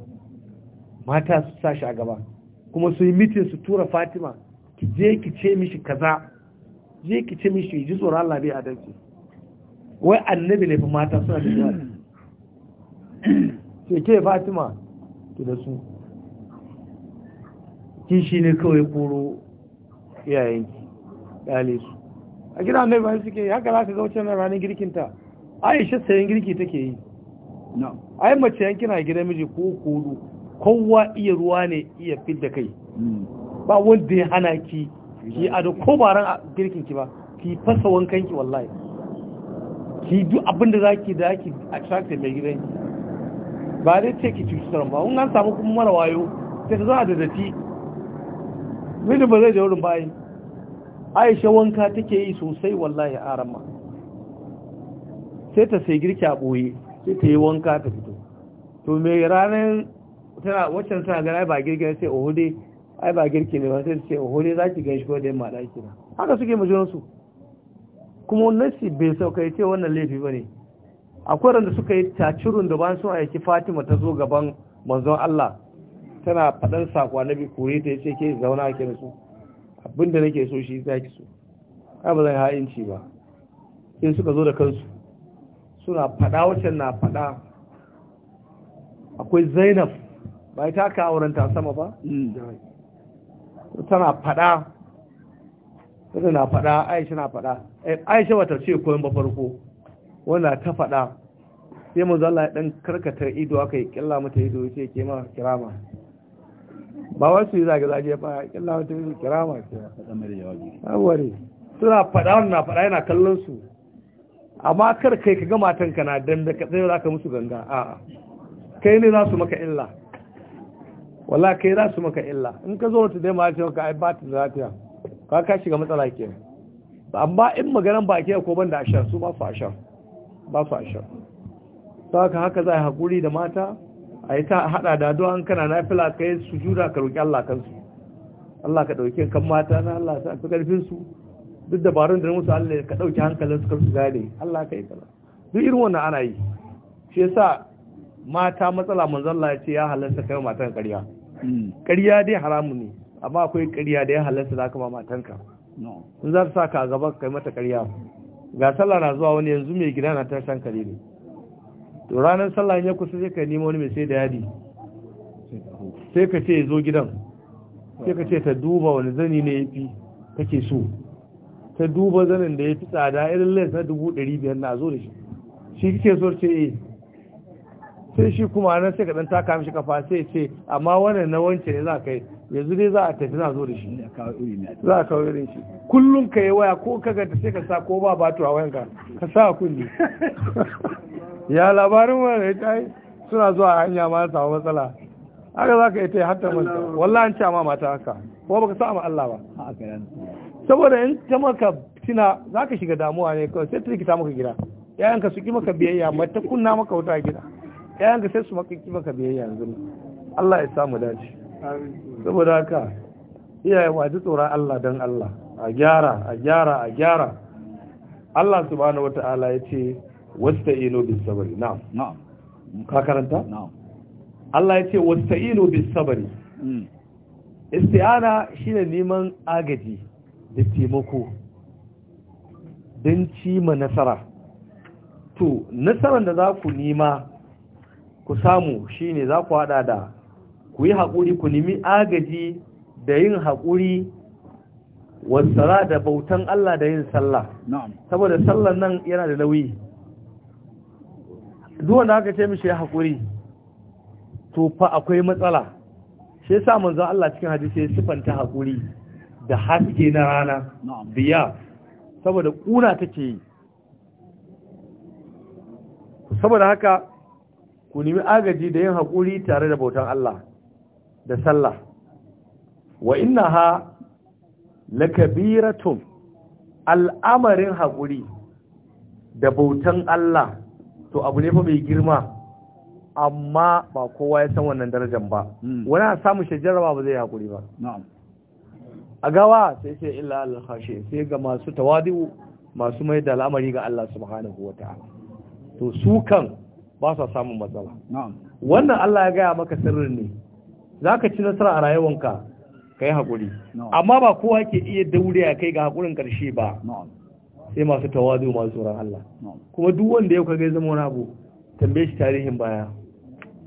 mata su sa shi a gaba kuma su yi mitin su tura Fatima ki je ki ce mishi kaza je ki ce mishi ji tsoron Allah bai adalci wai annabi ne fa mata suna da yawa ke Fatima to da su kin shi ne kawai koro iyayenki ɗale su a gida annai bayan suke haka za ka ga na ranar girkinta aisha sayan girki take yi a yi mace yankin a gidan miji ko kodu kowa iya ruwa ne iya fit da kai hmm. ba wanda ya hana ki ki a da ba ran girkin ki ba ki fasa wankan ki wallahi ki duk abinda za ki da ki attract mai gidan ba dai ce ki cutar ba in an samu kuma mara wayo sai ta a da dati mijin ba zai da wurin bayi aisha wanka take yi sosai wallahi arama sai ta sai girki a ɓoye sai ta yi wanka ta fito to mai ranar tana waccan tana gana ba girki sai ohude ai ba girki ne ba sai ce ohude za ki gan shi ko da yamma ɗaki na haka suke majinsu kuma nasi bai sauka ya ce wannan laifi ba ne akwai wanda suka yi tacirun da ban sun aiki fatima ta zo gaban manzon Allah tana faɗan sakwa na kore ta yace ke zauna ke su abinda nake so shi za ki so ai ba zan ha'inci ba In suka zo da kansu suna faɗa wacce na faɗa akwai zainab ba ta ka auren ta sama ba tana faɗa tana faɗa aisha na faɗa eh, aisha wata ce koyon ba farko wanda ta faɗa sai mu zalla ya ɗan karkata ido aka yi ƙilla mata ido ce ke ma kirama ba wasu yi zage zage ba ƙilla mata ido kirama ce ware suna faɗa wannan faɗa yana kallon su amma kar kai ka gama matanka na dambe ka za ka musu ganga a'a kai ne za su maka illa wala kai za su maka illa in ka zo ta dai ma ce ka ai ba ta lafiya ka ka shiga matsala ke amma in maganan ba ke ko ban da ashar su ba su ba su ashar ta haka haka za a haƙuri da mata a yi ta haɗa da addu'a an kana na fila ka yi su juna ka roƙi Allah kansu Allah ka ɗauke kan mata na Allah ta fi ƙarfin su duk dabarun da musu Allah ka ɗauki hankalin su karsu gane Allah ka yi kala duk irin wannan ana yi shi yasa mata matsala mun zalla ya ce ya halarta kai matan ƙarya ƙarya dai haramu ne amma akwai ƙarya da ya halarta za ka ma matanka in za ta sa ka gaba kai mata ƙarya ga sallah na zuwa wani yanzu mai gida na tashan kare ne to ranar sallah ya kusa sai ka nemo wani mai sai da yadi sai ka ce zo gidan sai ka ce ta duba wani zani ne yafi kake so ta duba zanin da ya fi tsada irin lais na dubu ɗari biyar na zo da shi shi kike so ce eh sai shi kuma nan sai ka dan taka mishi kafa sai ce amma wannan na wance ne za ka yi yanzu dai za a tafi na zo da shi za a kawo irin shi kullum ka yi waya ko ka ganta sai ka sa ko ba batu a wayanka ka sa a kulli ya labarin wannan ya yi suna zuwa hanya ma samu matsala haka za ka yi ta yi hatta manta wallah an ce ma mata haka ba baka sa ma Allah ba saboda in ta maka tina za ka shiga damuwa ne kawai sai ta rikita maka gida yayanka su ki maka biyayya ta kunna maka wuta gida yayan ka sai su makaki maka biyayya yanzu Allah ya samu dace saboda haka iyaye wa ji tsoron Allah dan Allah a gyara a gyara a gyara Allah subhanahu wata'ala ya ce wasta'inu bis sabri na'am na'am ka karanta na'am Allah ya ce wasta'inu bis sabri mm. isti'ana shine neman agaji da taimako don cima nasara to nasarar da za ku nema ku samu shine za ku haɗa da ku yi haƙuri ku nemi agaji da yin haƙuri wasara da bautan Allah da yin sallah saboda sallah nan yana da nauyi duwanda aka ce mishi ya haƙuri to fa akwai matsala shi ya samun zan Allah cikin hadisi ya sifanta haƙuri da haske na rana biya saboda ta take yi saboda haka ku nemi agaji da yin haƙuri tare da bautan Allah da sallah wa innaha lakabiratun al'amarin haƙuri da bautan Allah to abu ne fa mai girma amma ba kowa ya san wannan darajar ba hmm. wani a samun shajara ba zai haƙuri ba a gawa sai sai illa alhashe sai ga masu tawadu masu mai da al'amari ga Allah subhanahu wa ta'ala to su kan ba sa samun matsala wannan Allah ya gaya maka sirrin ne za ka ci nasara a rayuwanka ka yi haƙuri amma ba kowa ke iya daure a kai ga haƙurin ƙarshe ba sai masu tawazu masu tsoron Allah kuma duk wanda yau kaga zama wani abu tambaye shi tarihin baya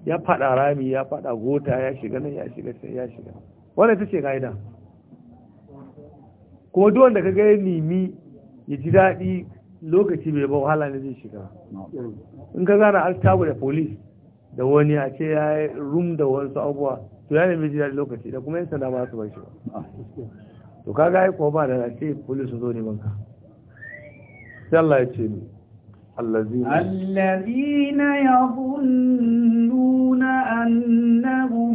ya faɗa rami ya faɗa gota ya shiga nan ya shiga can, ya shiga wannan ita ce ka'ida kuma duk wanda ga ya nemi ya ji daɗi lokaci bai ba wahala ne zai shiga in ka gana tabu da police da wani a ce ya yi rum da wasu abuwa to ya nemi jira lokaci da kuma yin sanda ba su ba shi ba to ka ga ko ba da na ce police zo ne banka sai Allah ya ce ni الذين الذين يظنون أنهم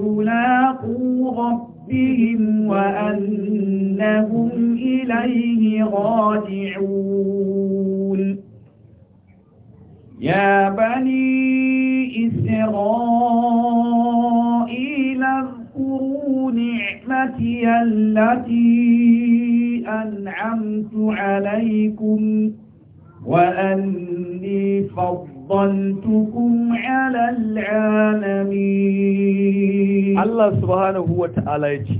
ملاقو ربهم ربهم وأنهم إليه راجعون يا بني إسرائيل اذكروا نعمتي التي أنعمت عليكم وأني فضلتكم على العالمين الله سبحانه وتعالى يجي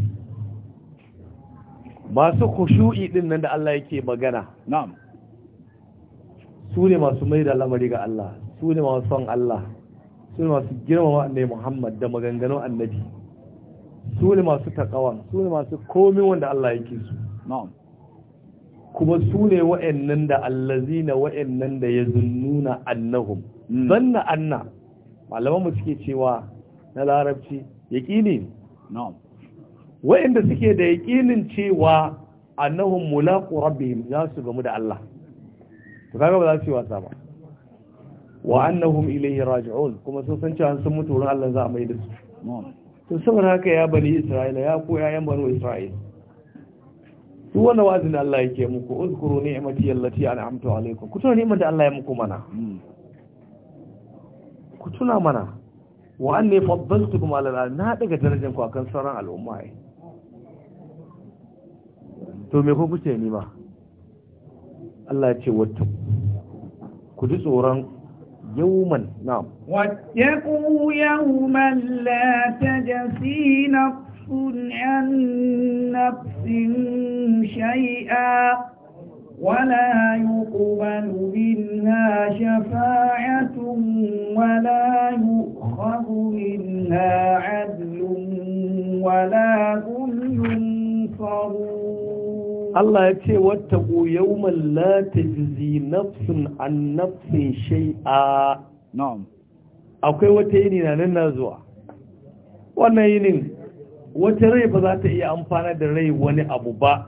masu khushu'i din nan da Allah yake magana na'am su ne masu mai da lamari ga Allah su ne masu son Allah su ne masu girmama annabi Muhammad da maganganun annabi su ne masu takawa su ne masu komai wanda Allah yake su na'am kuma su ne wa’yannan da na wa’yannan da ya zunnuna annahum hmm. zanna anna mu suke cewa na larabci yaƙini wa’yanda suke da yaƙinin cewa annahum mulaqu rabbihim za su gamu da Allah to kaga ba za su yi wasa ba wa annahum ilayhi raji'un kuma sun san cewa sun mutu wurin Allah za a mai da su to saboda haka ya bani Isra'ila ya ko yan bani Isra'ila duk wannan wazin Allah yake muku uzkuru ni'mati allati an'amtu alaykum ku tuna ni'mar da Allah ya muku mana hmm. ku tuna mana wa anni faddaltukum ala al'alamin na daga darajar ku akan sauran al'umma ai to me ku kuce ni ma Allah ya ce wato ku ji tsoron yawman na'am wattaqu yawman la tajsi nafs تسكن عن نفس شيئا ولا يقبل منها شفاعة ولا يؤخذ منها عدل ولا هم ينصرون الله يتي واتقوا يوما لا تجزي نفس عن نفس شيئا نعم akwai wata yini na nan na zuwa wannan yinin wata rai ba za ta iya amfana da rai wani abu ba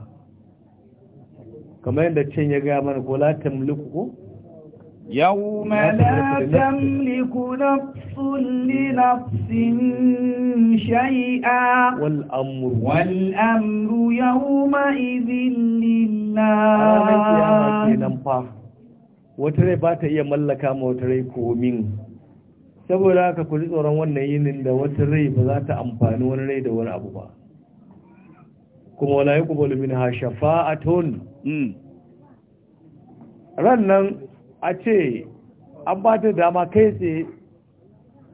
kamar yadda can ya gaya mana ko la tamliku ko يوم shai'a تملك نفس لنفس شيئا والأمر والأمر يومئذ لله wata rai ba ta iya mallaka ma wata rai komin saboda haka ku ji tsoron wannan yinin da wata rai ba za ta amfani wani rai da wani abu ba kuma wala yuqbalu minha shafa'atun mm. ran nan a ce an ba ta dama kai tse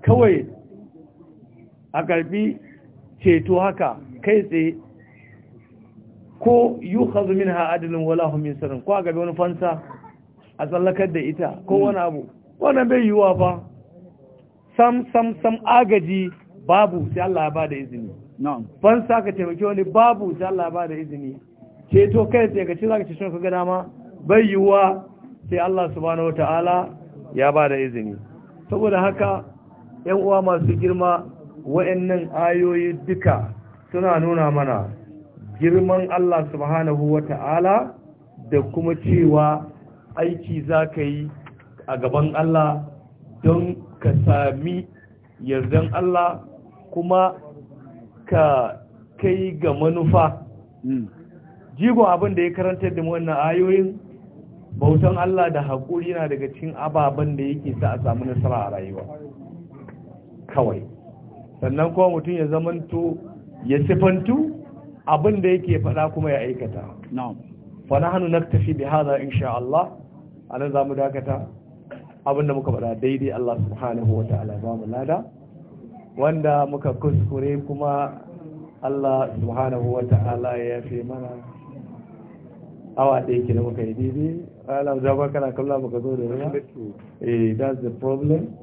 kawai a karbi ceto haka kai tse ko min ha adlun wala min sarin ko a gabi wani fansa a tsallakar da ita ko mm. wani abu wannan bai yiwuwa ba sam sam sam agaji babu sai Allah ya bada izini ban sa ka taimaki wani babu sai Allah ya bada izini ceto kai sai ka ci zaka ka ce ga dama bai yiwuwa sai Allah subhanahu wata'ala ya bada izini saboda haka yan uwa masu girma wa'annan ayoyi duka suna nuna mana girman Allah subhanahu wata'ala da kuma cewa aiki za yi a gaban Allah don ka sami yardan Allah kuma ka kai ga manufa hmm. jigon abin da ya karanta da wannan ayoyin bautan Allah da haƙuri na daga cikin ababen da yake sa a samu nasara a rayuwa kawai sannan kuma mutum ya zamanto ya sifantu abin da yake faɗa kuma ya aikata fa nahnu naktafi bi hadha insha Allah anan zamu dakata abinda muka faɗa daidai Allah subhanahu wa ta'ala ba mu lada wanda muka kuskure kuma Allah subhanahu wa ta'ala ya fi mana awa ɗaya ke da muka yi daidai za ba kana kalla muka zo da ruwa eh that's the problem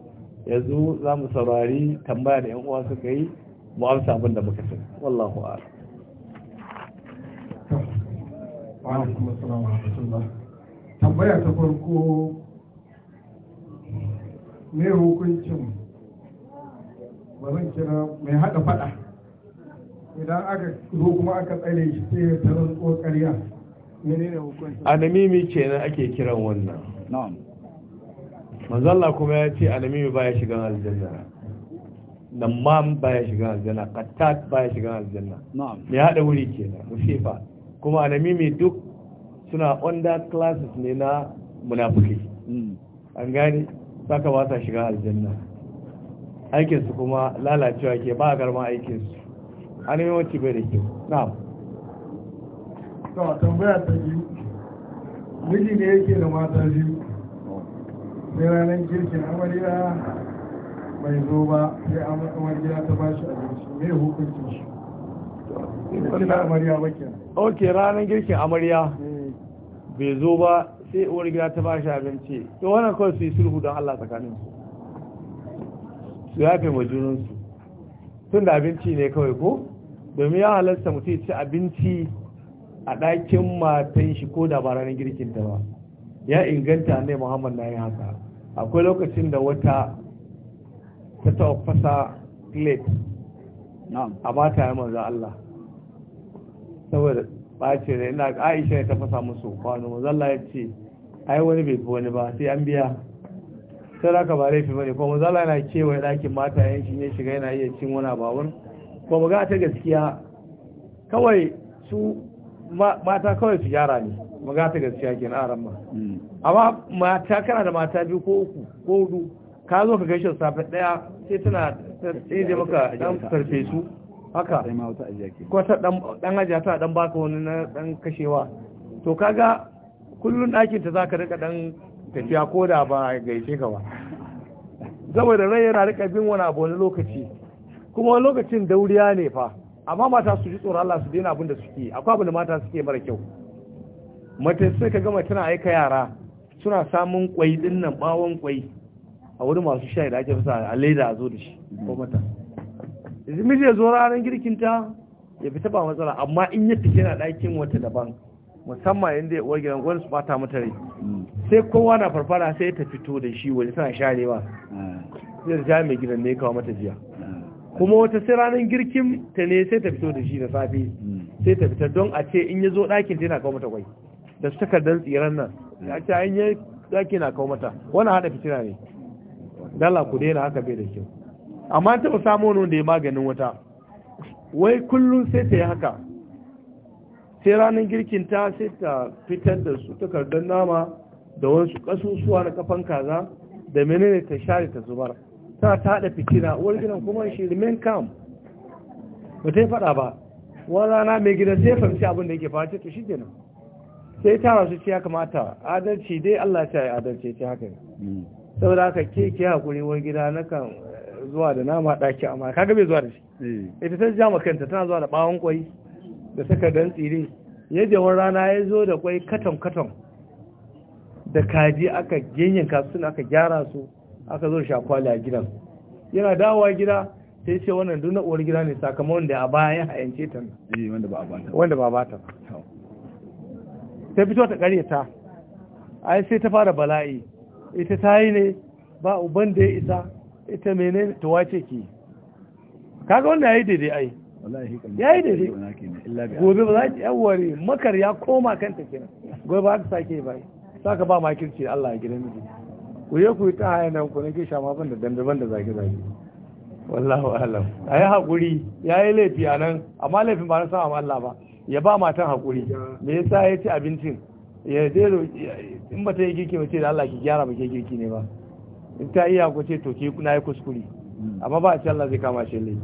yanzu za mu saurari tambaya da yan uwa suka yi mu amsa abin da muka sani wallahu a'lam wa alaikum assalam wa rahmatullah tambaya ta farko mai hukuncin ba zan kira mai haɗa faɗa idan aka zo kuma aka tsare shi sai ya tarar ƙoƙariya menene hukuncin anamimi kenan ake kiran wannan manzalla kuma ya ce anamimi baya shigan aljanna ba baya shigan aljanna qattat baya shigan aljanna na'am haɗa hada wuri kenan musifa kuma anamimi duk suna under classes ne na munafiki mm. an gani saka ba sa shiga aljanna aikinsu kuma lalacewa ke ba a aikin aikinsu an yi wacce bai da kyau na ta tambaya ta yi miji ne yake da mata biyu sai ranar girkin amarya bai zo ba sai amarya ta ba shi abinci mai hukuncin shi ok ranar girkin amarya eh. bai zo ba sai uwar gida ta ba shi abinci to wannan kawai su yi sulhu don Allah tsakanin su su yafe wa junansu tun da abinci ne kawai ko domin ya halarta mutum ci abinci a ɗakin matan shi ko da ba girkin ta ba ya inganta ne muhammad na yin haka akwai lokacin da wata ta taɓa fasa plate a ba ta yi manzan Allah saboda ɓace da ina aisha ya tafasa musu kwano mazalla ya ce ai wani bai fi wani ba sai an biya sai da ba laifi ba ne kuma mazalla yana kewaye ɗakin mata yan shi ne shiga yana iya cin wani babur ko mu ga ta gaskiya kawai su mata kawai su gyara ne mu ga ta gaskiya kenan aran ma hmm. amma mata kana da mata biyu ko uku ko hudu ka zo ka gaishe safe daya sai tana sai dai maka dan su. haka sai ko ta dan ajiya ta dan baka wani na dan kashewa to kaga kullun ɗakin ta zaka rika dan tafiya ko da ba gaishe ka ba saboda rai yana rika bin wani abu wani lokaci kuma wani lokacin dauriya ne fa amma mata su ji tsoron Allah su daina abin da suke akwai abin da mata suke mara kyau mata sai ka gama tana aika yara suna samun kwai ɗinnan bawon kwai a wurin masu shayi da ake fasa a leda a zo da shi ko mata izmir ya zo ranar girkinta ya fita ba matsala amma in ya tafi yana ɗakin wata daban musamman yadda ya uwar gidan gwani su bata mata rai sai kowa na farfara sai ta fito da shi wani suna sharewa sai ta mai gidan ne kawo mata jiya kuma wata sai ranar girkin ta ne sai ta fito da shi da safe sai ta fita don a ce in ya zo ɗakin ta yana kawo mata kwai da su takardar tsiran nan a ce an yi ɗakin na kawo mata wani haɗa fitina ne dala ku daina haka bai da kyau amma taɓa samu wani wanda ya maganin wata wai kullum sai ta yi haka sai ranar girkin ta sai ta fitar da su takardar nama da wasu kasusuwa na kafan kaza da menene ta share ta zubar ta da fitina uwar gidan kuma shi remain calm ba ta yi faɗa ba wani rana mai gida sai fahimci abin da yake fahimci to shi kenan sai ta rasu ce ya kamata adalci dai Allah ta yi adalci ce haka mm. saboda haka ke ke haƙuri wani gida na kan zuwa da nama ɗaki amma kaga bai zuwa da shi eh. ita ta ja makanta tana zuwa da ɓawon kwai da saka dan tsire ya wani rana ya zo da kwai katon katon da kaji aka yanyanka kasu aka gyara su aka zo shakwali a gidan yana dawowa gida sai ce wannan duk na uwar gida ne sakamakon da a baya ya hayance ta eh, wanda ba ba ta ta fito ta karyata ai sai ta fara bala'i ita ta yi ne ba uban da ya isa ita mene ta wace ki kaga wanda yayi daidai ai yayi daidai gobe ba za ki yawware makar ya koma kanta kenan gobe ba ka sake ba saka ba makirci da Allah ya gidan miji ku je ku ta haya nan ku nake shama ban da dandaban da zage zage wallahu alam ayi hakuri yayi laifi a nan amma laifin ba na amma Allah ba ya ba matan hakuri me yasa yace abincin ya je in ba ta yi girki ba ce da Allah ki gyara ba ke girki ne ba in ta iya ku ce to ke na yi kuskuri amma ba a ce Allah zai kama shi laifi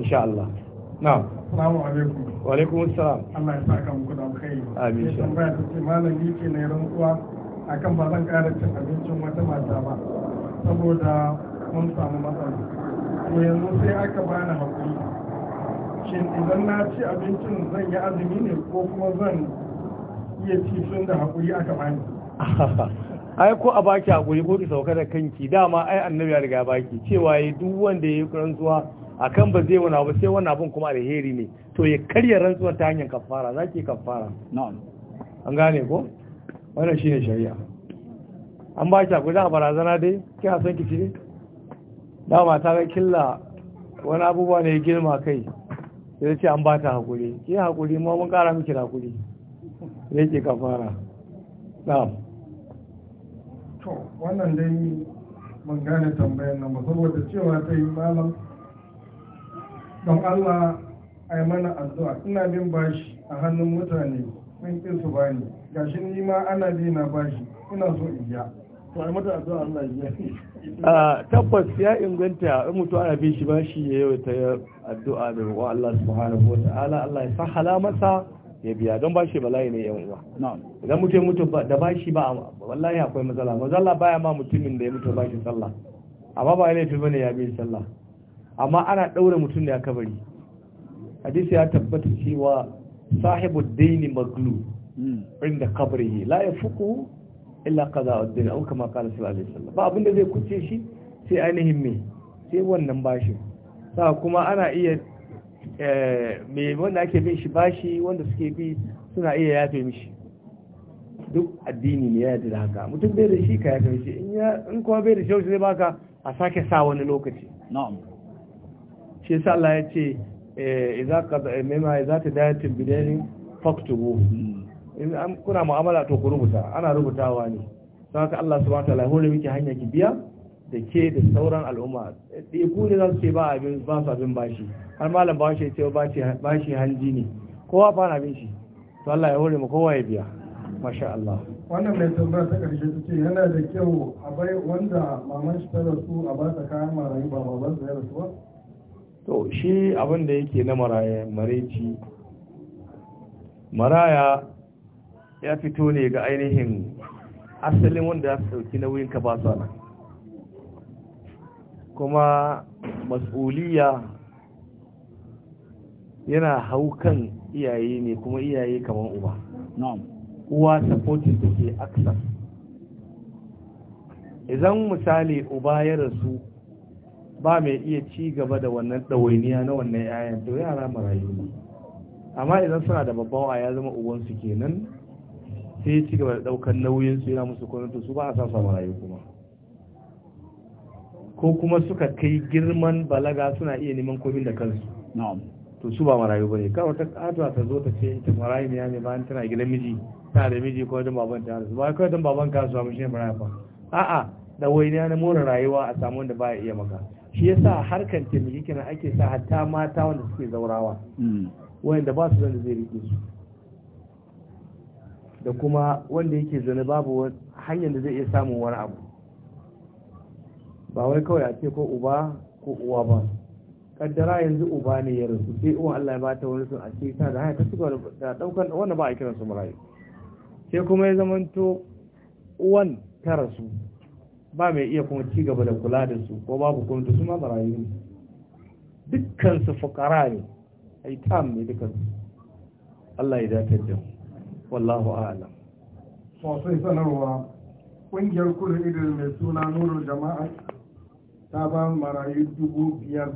insha Allah na'am assalamu alaikum wa alaikum assalam Allah ya saka muku da alkhairi amin insha Allah tambaya ta ce malami ke ne rantsuwa akan ba zan ƙara cin abincin wata mata ba saboda mun samu matsala to yanzu sai aka bani hakuri shin idan na ci abincin zan yi azumi ne ko kuma zan iya ci tun da hakuri aka bani ai ko a baki a guri ko ki sauka da kanki dama ai annabi ya riga baki cewa yi duk wanda ya yi rantsuwa akan ba zai wani abu sai wani abun kuma alheri ne to ya karya rantsuwar ta hanyar kafara za ki kafara na'am an gane ko wannan shine shari'a an baki a guri a barazana dai kina son ki cire dama ta ga killa wani abubuwa ne ya girma kai sai ce an bata hakuri ki hakuri ma mun kara miki hakuri ne ki kafara na'am to wannan dai ban gane tambayan nan ba saboda cewa ta yi malam don allah a yi mana addu'a ina bin bashi a hannun mutane sun ƙi su bani gashi ni ma ana bi na bashi ina so in biya to ai mata addu'a Allah ya biya tabbas ya inganta in mutu ana bin shi bashi ya yawaita addu'a da roƙon Allah subhanahu wa ta'ala Allah ya sahala masa ya biya don bashi bala'i ne yan uwa idan mutum mutu da bashi ba wallahi akwai matsala matsala baya ma mutumin da ya mutu shi sallah amma ba laifi ne ya biya sallah amma ana ɗaure mutum da ya kabari hadisi ya tabbata cewa sahibu daini maglu hmm. inda kabari la fuku illa qada a din aw kama kala sallallahu alaihi wasallam ba abinda zai kuce shi sai ainihin me sai wannan bashin sa kuma ana iya Eh, mai wanda ake bin shi bashi wanda suke bi suna iya yafe mishi duk addini ne ya da haka mutum bai da shi ka yafe mishi in kuma bai da shi zai baka a sake sa wani lokaci shi yasa Allah ya ce eh, idza qada eh, mimma idza tadayatin bidani faktubu hmm. in kuna mu'amala to ku rubuta ana rubutawa ne saka Allah subhanahu wa ta'ala hore miki hanya ki biya da ke da sauran al'umma ku ne za su ce ba su abin bashi har malam bashi ya ce bashi hanji ne kowa fa bin shi to Allah ya hore mu kowa ya biya masha Allah wannan mai tambaya ta ƙarshe ta ce yana da kyau a bai wanda maman shi ta rasu a ba ta kayan marayu ba baban su ya rasu ba to shi abin da yake na maraya mareci maraya ya fito ne ga ainihin asalin wanda ya sauki nauyin ka ba su nan kuma mas'uliya yana hau kan iyaye ne kuma iyaye kamar uba uwa da ke aksa idan misali uba ya rasu ba mai iya ci gaba da wannan ɗawainiya na wannan yayan to yara marayu ne amma idan suna da babban wa ya zama ubansu kenan sai ci gaba da ɗaukar nauyinsu yana musu kwanatu su ba a sasa marayu kuma ko kuma suka kai girman balaga suna iya neman komin da kansu to su ba marayu ba ne kawai ta katuwa ta zo ta ce ta marayu ne ya ne bayan tana gidan miji tana da miji ko don baban ta harsu ba kawai don baban kasuwa mun mashi ne marayu ba a'a da wai ne na more rayuwa a samu wanda ba ya iya maka shi ya sa harkar taimaki kenan ake sa hatta mata wanda suke zaurawa mm. wanda ba su wanda zai rike su da kuma wanda yake zane babu hanyar da zai iya samun wani abu ba wai kawai a ce ko uba ko uwa ba kaddara yanzu uba ne ya rasu sai uwa Allah ya bata wani sun a ce ta da haya ta cigaba da daukan wanda ba a kiran su marayu sai kuma ya to uwan ta rasu ba mai iya kuma ci gaba da kula da su ko babu kuma su ma marayu ne dukkan su fukara ne ai ta mai dukkan su Allah ya dace da wallahu a'lam sosai sanarwa ƙungiyar kudin idan mai suna nurul jama'a ta bá mara yìí dúgbò bí